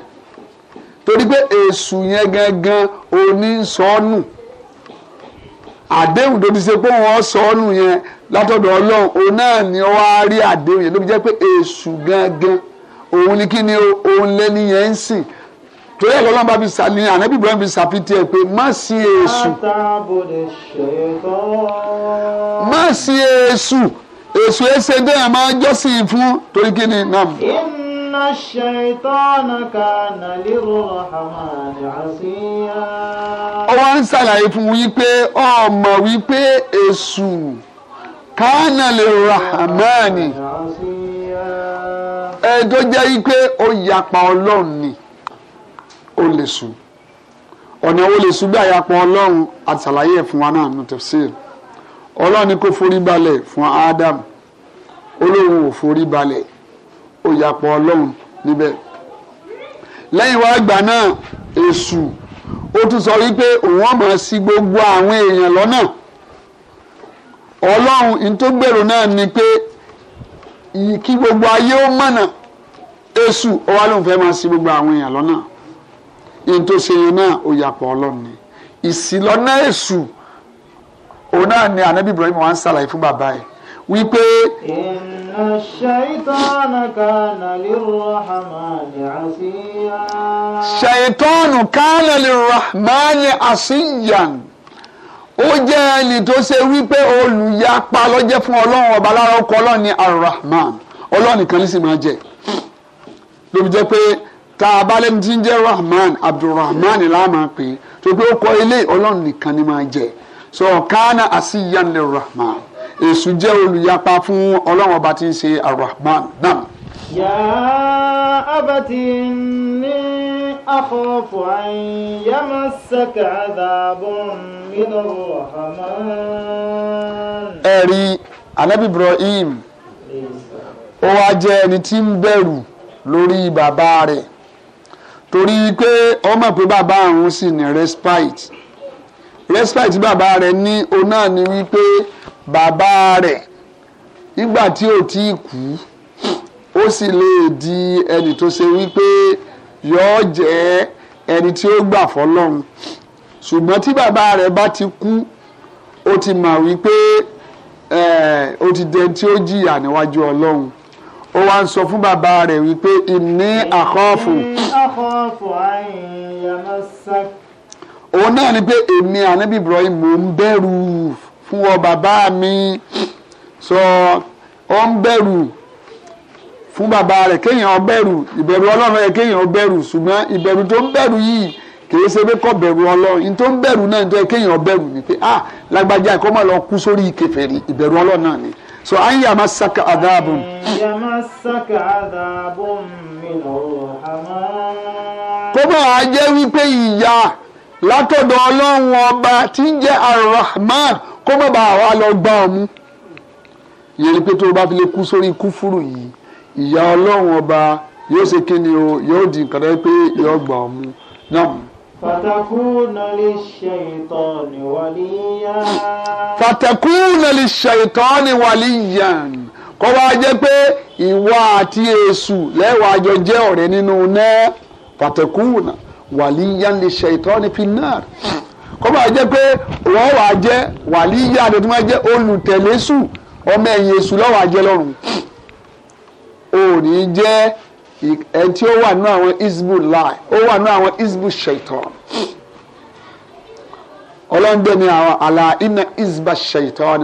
torí pé èṣù yẹn gangan oníṣọ́nù. So àdéhùn tó ti ṣe pé wọ́n sọ ọ́ nù yẹn látọ̀dọ̀ ọlọ́run òun náà ni ó wá rí àdéhùn yẹn ló fi jẹ́ pé èṣù gangan òun ni kí ni òun lẹ́ni yẹn ń sìn torí ẹ̀kọ́ ọlọ́run bá fi sà ní ànábì Ibrahim fi sàfitì ẹ̀ pé má sí èṣù má sí èṣù èṣù ẹsẹ̀ dẹ́yà máa jọ́sìn fún torí kí ni náà. إن الشيطان كان للرحمن عصيا. ó wá ń ṣàlàyé fún wípé ọmọ wípé èṣù kánà lè rahamani ẹ tó jẹ́ wípé ó yapa ọlọ́run ni ó lè sùn ọ̀nà wo lè sùn bí àyàpọ̀ ọlọ́run àti fún wa náà nù tafsir ọlọ́run ni kò forí balẹ̀ fún Ádámù olóhùn ò forí balẹ̀ ó yapọ̀ ọlọ́run níbẹ̀ lẹ́yìn wá gbà náà èṣù ó tún sọ wípé òun ọmọ sí gbogbo àwọn èèyàn lọ́nà ọlọ́run ìtògbèrò náà ni pé kí gbogbo ayé ó mọ̀nà èṣù ó wá lóun fẹ́ máa sí gbogbo àwọn èèyàn lọ́nà ìtòsẹ̀yìn náà ó yapọ̀ ọlọ́run ni ìsìlọ́nà èṣù òun náà ni ànábì Ibrahim wá ń ṣàlàyé fún bàbá ẹ̀ wípé ṣàìtọ́nù kánà lè rahmani àṣìyàn ó jẹ́ ẹni tó ṣe wípé olùyapa ló jẹ́ fún ọlọ́run ọba lára ọkọ ọlọ́run ní arahman ọlọ́run nìkan ní sì máa jẹ lóbi jẹ́ pé tá a bá lẹ́nu ń jẹ́ rahman abdulrahman láàmà pé tó pé ó kọ ilé ọlọ́run nìkan ní máa jẹ so kánà àṣìyàn lè èṣù jẹ́ olùyapa fún ọlọ́run ọba tí ń ṣe arahman náà. yà á abàtì ní àkọ́fù àyà máa ṣẹ̀kẹ̀ àdàbọ̀ nínú rahman. ẹ anabi ibrahim ó wá jẹ́ ẹni tí ń bẹ̀rù lórí bàbá rẹ̀ torí pé ọmọ pé bàbá òun sì ní respite respite bàbá rẹ̀ ní òun náà ni wípé bàbá rẹ̀ nígbà tí ò tí kú ó sì lè di ẹni tó ṣe wípé yọ̀ọ́ jẹ́ ẹni tí ó gbà fọlọ́run ṣùgbọ́n tí bàbá rẹ̀ bá ti kú ó ti mọ̀ wípé eh, ó ti dẹni tí ó jìyà níwájú ọlọ́run ó wá ń sọ fún bàbá rẹ̀ wípé ìní àkọ́ọ̀fù. òun náà ni pé èmi ànábì Ibrahim ń bẹ̀rù fún ọ bàbá mi sọ ọ ń bẹ̀rù fún bàbá rẹ̀ kéèyàn bẹ̀rù ìbẹ̀rù ọlọ́run yẹ kéèyàn bẹ̀rù ṣùgbọ́n ìbẹ̀rù tó ń bẹ̀rù yìí kìí ṣe pé kọ́ bẹ̀rù ọlọ́run ní tó ń bẹ̀rù náà ní tó yẹ kéèyàn bẹ̀rù ni pé ah lágbájá kó má lọ kú sórí kèfèrí ìbẹ̀rù ọlọ́run náà ni so an yà má saka adabun. kó bá a jẹ́ wípé ìyá látọ̀dọ̀ ọlọ́run ọba tí ń jẹ́ Rahman kó má bàa wá lọ gbá ọmú ìyẹn ni pé tó o bá fi lè kú sórí kúfúrú yìí ìyá ọlọ́run ọba yóò ṣe kí ni o yóò di nǹkan dáwé pé yóò gbà ọmú náà. fatakuna li shaytani waliyan. fatakuna li shaytani waliyan kó wá jẹ́ pé ìwà àti èṣù lẹ́wọ̀ àjọ jẹ́ ọ̀rẹ́ nínú náà fatakuna waliyan li shaytani finnar. kó máa jẹ́ pé wọ́n wàá jẹ́ wàlíyà àti tó jẹ́ olùtẹ̀lẹ́sù ọmọ ẹ̀yìn èṣù lọ́wọ́ àjẹ́ lọ́rùn ò ní jẹ́ ẹni tí ó wà nínú àwọn isbu lai ó wà nínú àwọn isbu shaitan ni àlà iná isba shaitan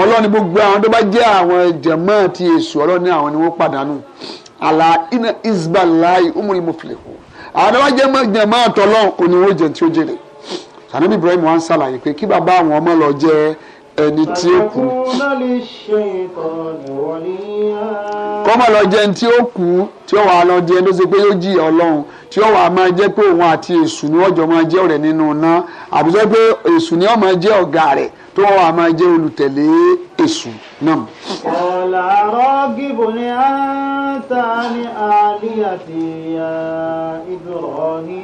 ọlọ́ni gbogbo àwọn tó bá jẹ́ àwọn jẹ̀mọ́ èṣù ọlọ́ni àwọn ni wọ́n pàdánù àlà iná àwọn wá jẹ́ jẹ̀mọ́ àtọ́lọ́ kò ní wọ́n jẹ tí ó jèrè sànẹ́bí Ibrahim wá ń ṣàlàyé pé kí bàbá àwọn ọmọ lọ jẹ́ ẹni tí ó kú kọ́mọ lọ jẹ́ ẹni tí ó kú tí ó wàá lọ jẹ́ ẹni tó ṣe pé yóò jìyà ọlọ́run tí ó wàá máa jẹ́ pé òun àti èṣù ni wọ́n jọ máa jẹ́ ọ̀rẹ́ nínú iná àbí sọ pé èṣù ni wọ́n máa jẹ́ ọ̀gá rẹ̀ tó wọ́n wàá máa jẹ́ olùtẹ̀lé èṣù náà. ọ̀la rọ́gìbò ni a ń ta ní àlíyàtì ìdúró ní.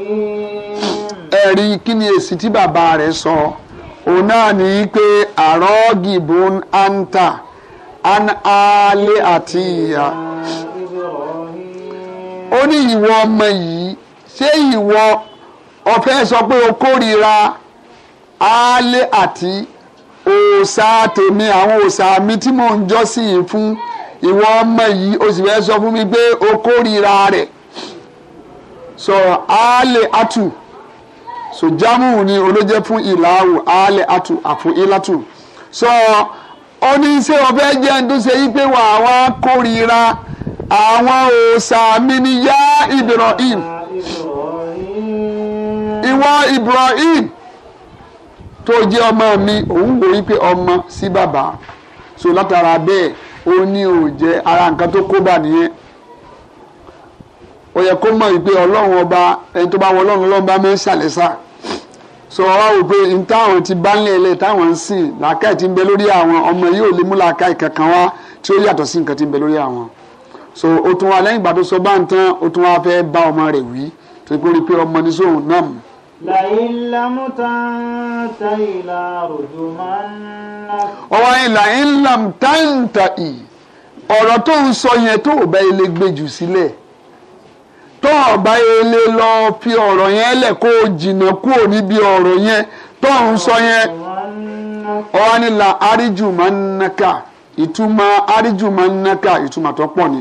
ẹ̀rí kí ni èsì tí bàbá rẹ̀ sọ. So òun náà ní í pé àrọ́gìbùn anta an alẹ́ àti ìyá ó ọma ìwọ ọmọ yìí ṣé ìwọ ọ̀fẹ́ sọ pé o kórìíra alẹ́ àti òòṣà tèmi àwọn òòṣà mi tí mò ń jọ́sìn fún ìwọ ọmọ yìí o sì fẹ́ sọ fún mi pé o kórìíra rẹ̀ sọ alẹ́ àtù. So, so jamu ni olójẹ fún ìlàwù alẹ atu àfù ìlàtù so ó ní ṣé wọn fẹ́ jẹ́ ní tó ṣe yí pé wà wá kórìíra àwọn òòṣà mi ni yá Ibrahim ìwọ Ibrahim tó jẹ́ ọmọ mi òun wò yí pé ọmọ sí bàbá so látara bẹ́ẹ̀ ó ní òòjẹ́ ara nǹkan tó kó bà nìyẹn ó yẹ kó mọ̀ wípé ọlọ́run ọba ẹni tó bá wọ ọlọ́run ọlọ́run bá máa ń ṣàlẹ́sà so wá wò pé n táwọn ti bá nílẹ̀ ilẹ̀ táwọn ń sìn làákàyè ti ń bẹ lórí àwọn ọmọ yìí ò lè mú làákàyè kankan wá tí ó yàtọ̀ sí nǹkan ti ń bẹ lórí àwọn so ó tún wá lẹ́yìn ìgbà tó sọ bá ń tán ó tún wá fẹ́ bá ọmọ rẹ̀ wí tó kó rí pé ọmọ ní sóun náà. ọwọ́ yìí làyín lámúta ń ta ì ọ̀rọ̀ tó ń sọ yẹn tó ò bá ilé gbèjù sílẹ̀ tọ́ ọ̀bá ele lọ fi ọ̀rọ̀ yẹn lẹ̀ kó o jìnnà kúrò níbi ọ̀rọ̀ yẹn tọ́ ń sọ yẹn ọ̀rọ̀ ni la áríjù máa ń nàka ìtumọ̀ áríjù máa ìtumọ̀ tó pọ̀ ni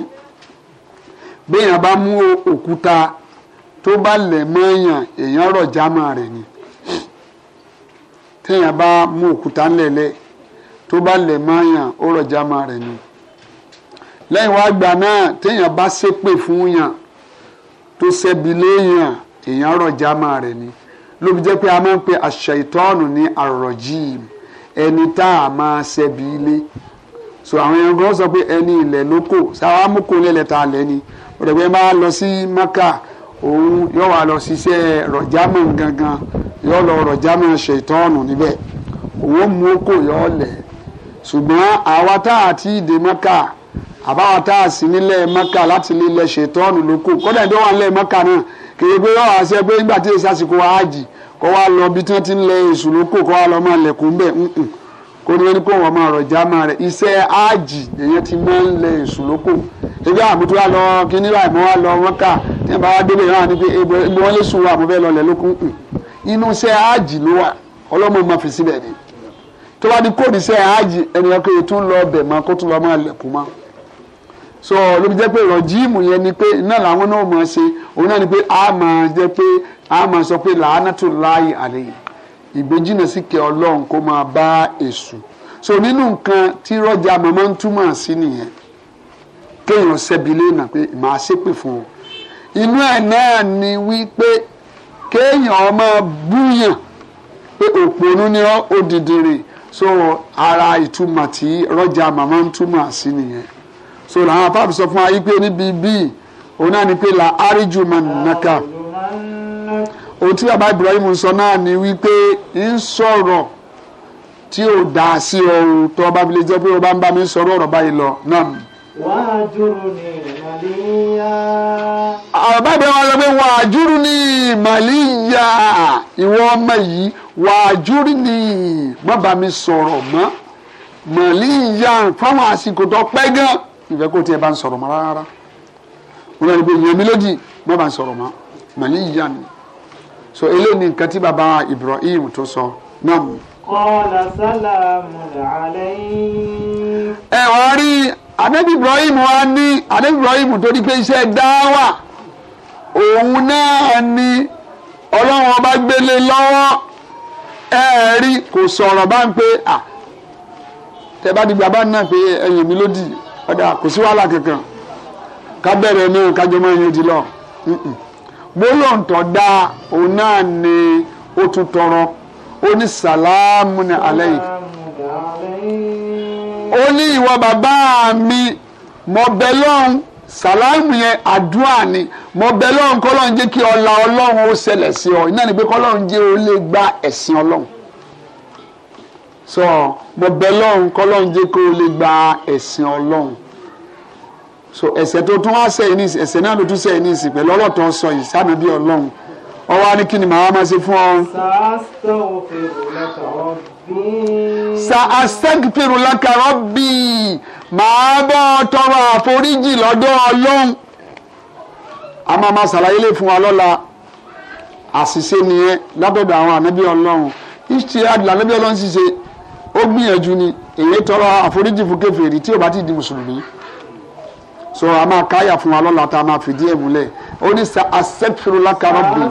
béèyàn bá mú òkúta tó bá lẹ̀ mọ́ èèyàn èèyàn rọ̀ jámà rẹ̀ ni téèyàn bá mú òkúta ńlẹ̀lẹ̀ tó bá lẹ̀ mọ́ èèyàn ó rọ̀ jámà rẹ̀ ni lẹ́yìn wá gbà náà téèyàn bá sépè fún yàn tó ṣẹ́bi léèyàn èèyàn rọ̀jà máa rẹ̀ ni ló fi jẹ́ pé a máa ń pe àṣà ìtọ́ọ̀nù ní àròjì ẹni tá a máa ṣẹ́bi lé so àwọn èèyàn kan sọ pé ẹni ilẹ̀ ló kò sáwá lẹ́lẹ̀ tá a lẹ́ ni ọ̀dọ̀gbẹ́ máa lọ sí maka òun yóò wá lọ ṣiṣẹ́ rọ̀jámọ̀ gangan yóò lọ rọ̀jámọ̀ ṣe ìtọ́ọ̀nù níbẹ̀ òun mú kó yóò lẹ̀ ṣùgbọ́n àwa tá a ti dé maka àbáwọn tá a sì nílẹ̀ mọ́kà láti nílẹ̀ ṣètọ́ọ̀nù ló kù kọ́dà ìdánwò nílẹ̀ mọ́kà náà kèrè pé yọ̀ wá sí ẹgbẹ́ nígbà tí èsì àsìkò ààjì kọ́ wa lọ bí tí wọ́n ti ń lẹ èṣù ló kù kọ́ wa lọ máa lẹ̀kùn bẹ́ẹ̀ nǹkan kó ní wọ́n kó wọ́n máa rọ̀ jáma rẹ̀ iṣẹ́ ààjì èyàn ti máa ń lẹ èṣù ló kù ebi àmútú wa lọ kíní wa ìmọ̀ wa lọ mọ́kà tí wọ́n bá wá débẹ̀ so ló fi jẹ́ pé rọ̀jíìmù yẹn ni pé náà làwọn náà máa ṣe òun náà ni pé a máa jẹ́ pé a máa sọ pé làánàtò láì àlè ìgbéjìnà sí kẹ ọlọ́run kó máa bá èṣù so nínú nǹkan tí rọ́jà màmá ń túmọ̀ sí nìyẹn kéèyàn ṣẹ́bi lẹ́nà pé màá ṣépè fún o inú ẹ̀ náà ni wípé kéèyàn máa búyàn pé òpònú ni ó dìdìrì so ara ìtumọ̀ tí rọ́jà màmá ń túmọ̀ sí nìyẹn so làwọn afáàbí sọ fún wa yìí pé níbi bíi òun náà ni pé la áríjù mà nàkà ohun tí bàbá Ibrahim sọ náà ni wípé ń sọ̀rọ̀ tí ò dá sí ọ̀rọ̀ tó ọba fi lè jẹ́ pé ọba ń bá mi sọ̀rọ̀ ọ̀rọ̀ báyìí lọ náà. wàá jòrò ní màlíyà. àbá ìbẹ̀rẹ̀ wọn pé wàá jùrù ní màlíyà ìwọ ọmọ yìí wàá jùrù ní má bá mi sọ̀rọ̀ mọ́ màlíyà fáwọn àsìkò tó pẹ́ gan-an ìfẹ́ kó tiẹ̀ bá ń sọ̀rọ̀ mọ́ rárá wọn náà ní pé yẹmi lódì má bá ń sọ̀rọ̀ mọ́ màlí ìyá mi so eléyìí ni nǹkan tí bàbá Ibrahim tó sọ náà mú. kọ́lá sálámù aláyhi. ẹ wọ́n rí adébí Ibrahim wa ní adébí Ibrahim tó ní pé iṣẹ́ dáwà òun náà ni ọlọ́run ọba gbélé lọ́wọ́ ẹ rí kò sọ̀rọ̀ bá ń pé tẹ bá di bàbá náà pé ẹ̀yìn mi lódì ọ̀dà kò sí wàhálà kankan ká bẹ̀rẹ̀ ní kájọ mọ́ ẹyin ti lọ bóyá ọ̀ǹtọ̀ dá òun náà ni ó tún tọrọ ó ní sàlámù ní alẹ́ yìí ó ní ìwọ bàbá mi mo bẹ̀ lọ́hùn sàlámù yẹn àdúrà ni mo bẹ̀ lọ́hùn kọ́lọ́hún jẹ́ kí ọlá ọlọ́hun ó ṣẹlẹ̀ sí ọ iná ni pé kọ́lọ́hún jẹ́ ó lè gba ẹ̀sìn ọlọ́hun so mo bẹ̀ lọ́hùn kọ́lọ́hún jẹ́ kó lè gba ẹ̀sìn ọlọ́hun so ẹ̀ṣẹ̀ tó tún wá sẹ́yìn ní ìsìn ẹ̀ṣẹ̀ náà ló tún sẹ́yìn ní ìsìn pẹ̀lú ọlọtọ sọ yìí sáànà bíi Ọlọ́run ọwọ á ní kí ni màá máa ṣe fún ọ. sa astagfiru laka rabbi màá bọ́ tọrọ àforíjì lọ́dọ̀ Ọlọ́run a máa máa ṣàlàyé lè fún wa lọ́la àṣìṣe nìyẹn lábẹ́dọ̀ àwọn ànábì Ọlọ́run ìṣìṣẹ́ ànábì Ọlọ́run ṣiṣẹ́ ó gbìyànjú ni èyí tọrọ àforíjì fún kèfèrí tí ò bá ti di mùsùlùmí so a máa káyà fún wa lọ́la tá a máa fìdí ẹ̀ múlẹ̀ ó ní sa asẹ́fìrúlá karọ́bì.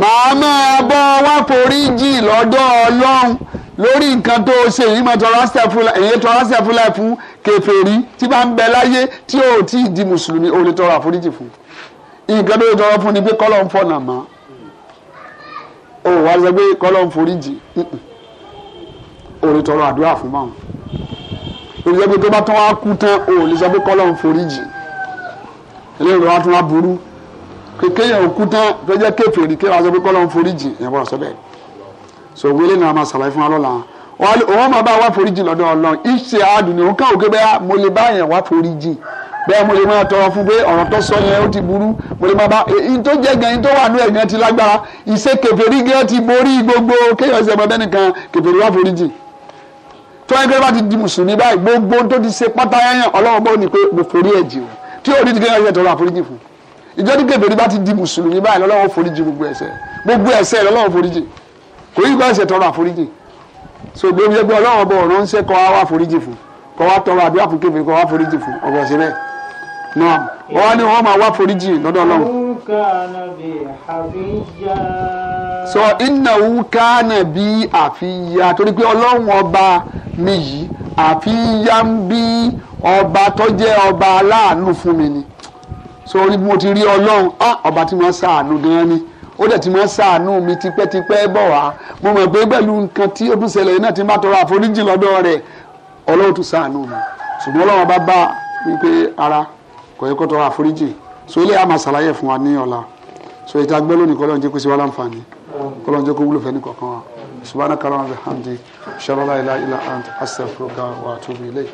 màá máa bọ́ wá forí jì lọ́dọ̀ ọlọ́run lórí nǹkan tó ṣe èyí máa tọrọ asẹ́fúnlá èyí tọrọ asẹ́fúnlá fún kèfèrí tí bá ń bẹ láyé tí ò tí ì di mùsùlùmí ò lè tọrọ àforíjì fún nǹkan tó lè tọrọ fún ni pé kọ́lọ́ ń fọ̀nà mọ́ ò wá sọ pé kọ́lọ́ ń foríjì ò lè tọrọ àdúrà fún mọ́ olùyẹ pé tó bá tán wá kú tán o ò lè sọ pé kọ́lọ́ ń foríjì eléyìí ló wá tún wá burú kéèyàn ò kú tán tó jẹ́ kéfèèrè kéèyàn sọ pé kọ́lọ́ ń foríjì ìyẹn bọ́lá sọ bẹ́ẹ̀ so wílé náà máa ṣàlàyé fún wa lọ́la òun máa bá wa foríjì lọ́dọ̀ ọlọ́run ìṣe àádùn ni òun káwọ́ pé bẹ́ẹ̀ mo lè bá yẹn wá foríjì bẹ́ẹ̀ mo lè máa tọrọ fún pé ọ̀rọ̀ tó sọ yẹn ó ti burú mo lè máa bá ẹyin tó jẹ́ gan ẹyin tó wà ní ẹ̀yìn ti lágbára ìṣe kèfèrí gan ti borí gbogbo kéèyàn ṣe ọmọ nìkan kèfèrí wá foríjì tó yẹ bá ti di mùsùlùmí báyìí gbogbo tó ti ṣe pátá ọlọ́wọ́ bó ni pé mo forí ẹ̀ jì o tí o ní ti kékeré tọrọ àforíjì fún ìjọ ní kébèrè bá ti di mùsùlùmí báyìí lọ́wọ́ foríjì gbogbo ẹ̀ṣẹ̀ gbogbo ẹ̀ṣẹ̀ lọ́wọ́ foríjì kò yí kọ́ ẹ̀ṣẹ̀ tọrọ àforíjì so gbé omi ẹgbẹ́ ọlọ́wọ́ bọ̀ ọ̀rọ̀ ń ṣe kọ́ wá foríjì fún kọ́ wá tọrọ àdúrà fún kébèrè kọ́ wá foríjì fún ọ̀rọ̀ ṣe bẹ́ẹ̀ náà wọ́n wá kana bí àfíyá. sọ ìnáwó kana bí àfíyá torí pé ọlọ́run ọba mi yìí àfíyá ń bí ọba tó jẹ́ ọba aláàánú fún mi ni so orí mo ti rí ọlọ́run ọba tí wọ́n ṣàánú gan-an ni ó dẹ̀ ti máa ń ṣàánú mi tipẹ́tipẹ́ bọ̀ wá mo mọ̀ pé pẹ̀lú nǹkan tí ó tún ṣẹlẹ̀ náà ti máa tọrọ àforíjì lọ́dọ̀ rẹ̀ ọlọ́run tún ṣàánú mi ṣùgbọ́n ọlọ́run bá bá mi pé ara kò yẹ kó tọrọ àforíjì so ilé àmà ṣàlàyé fún wa ní ọ̀la so ìta gbé lónìí kọ́lọ́n jẹ́ kó sí wa láǹfààní kọ́lọ́n jẹ́ kó wúlò fẹ́ nìkọ̀ọ̀kan wa subhanaka wa bihamdi sharala ilaha illa anta astaghfiruka wa atubu ilayk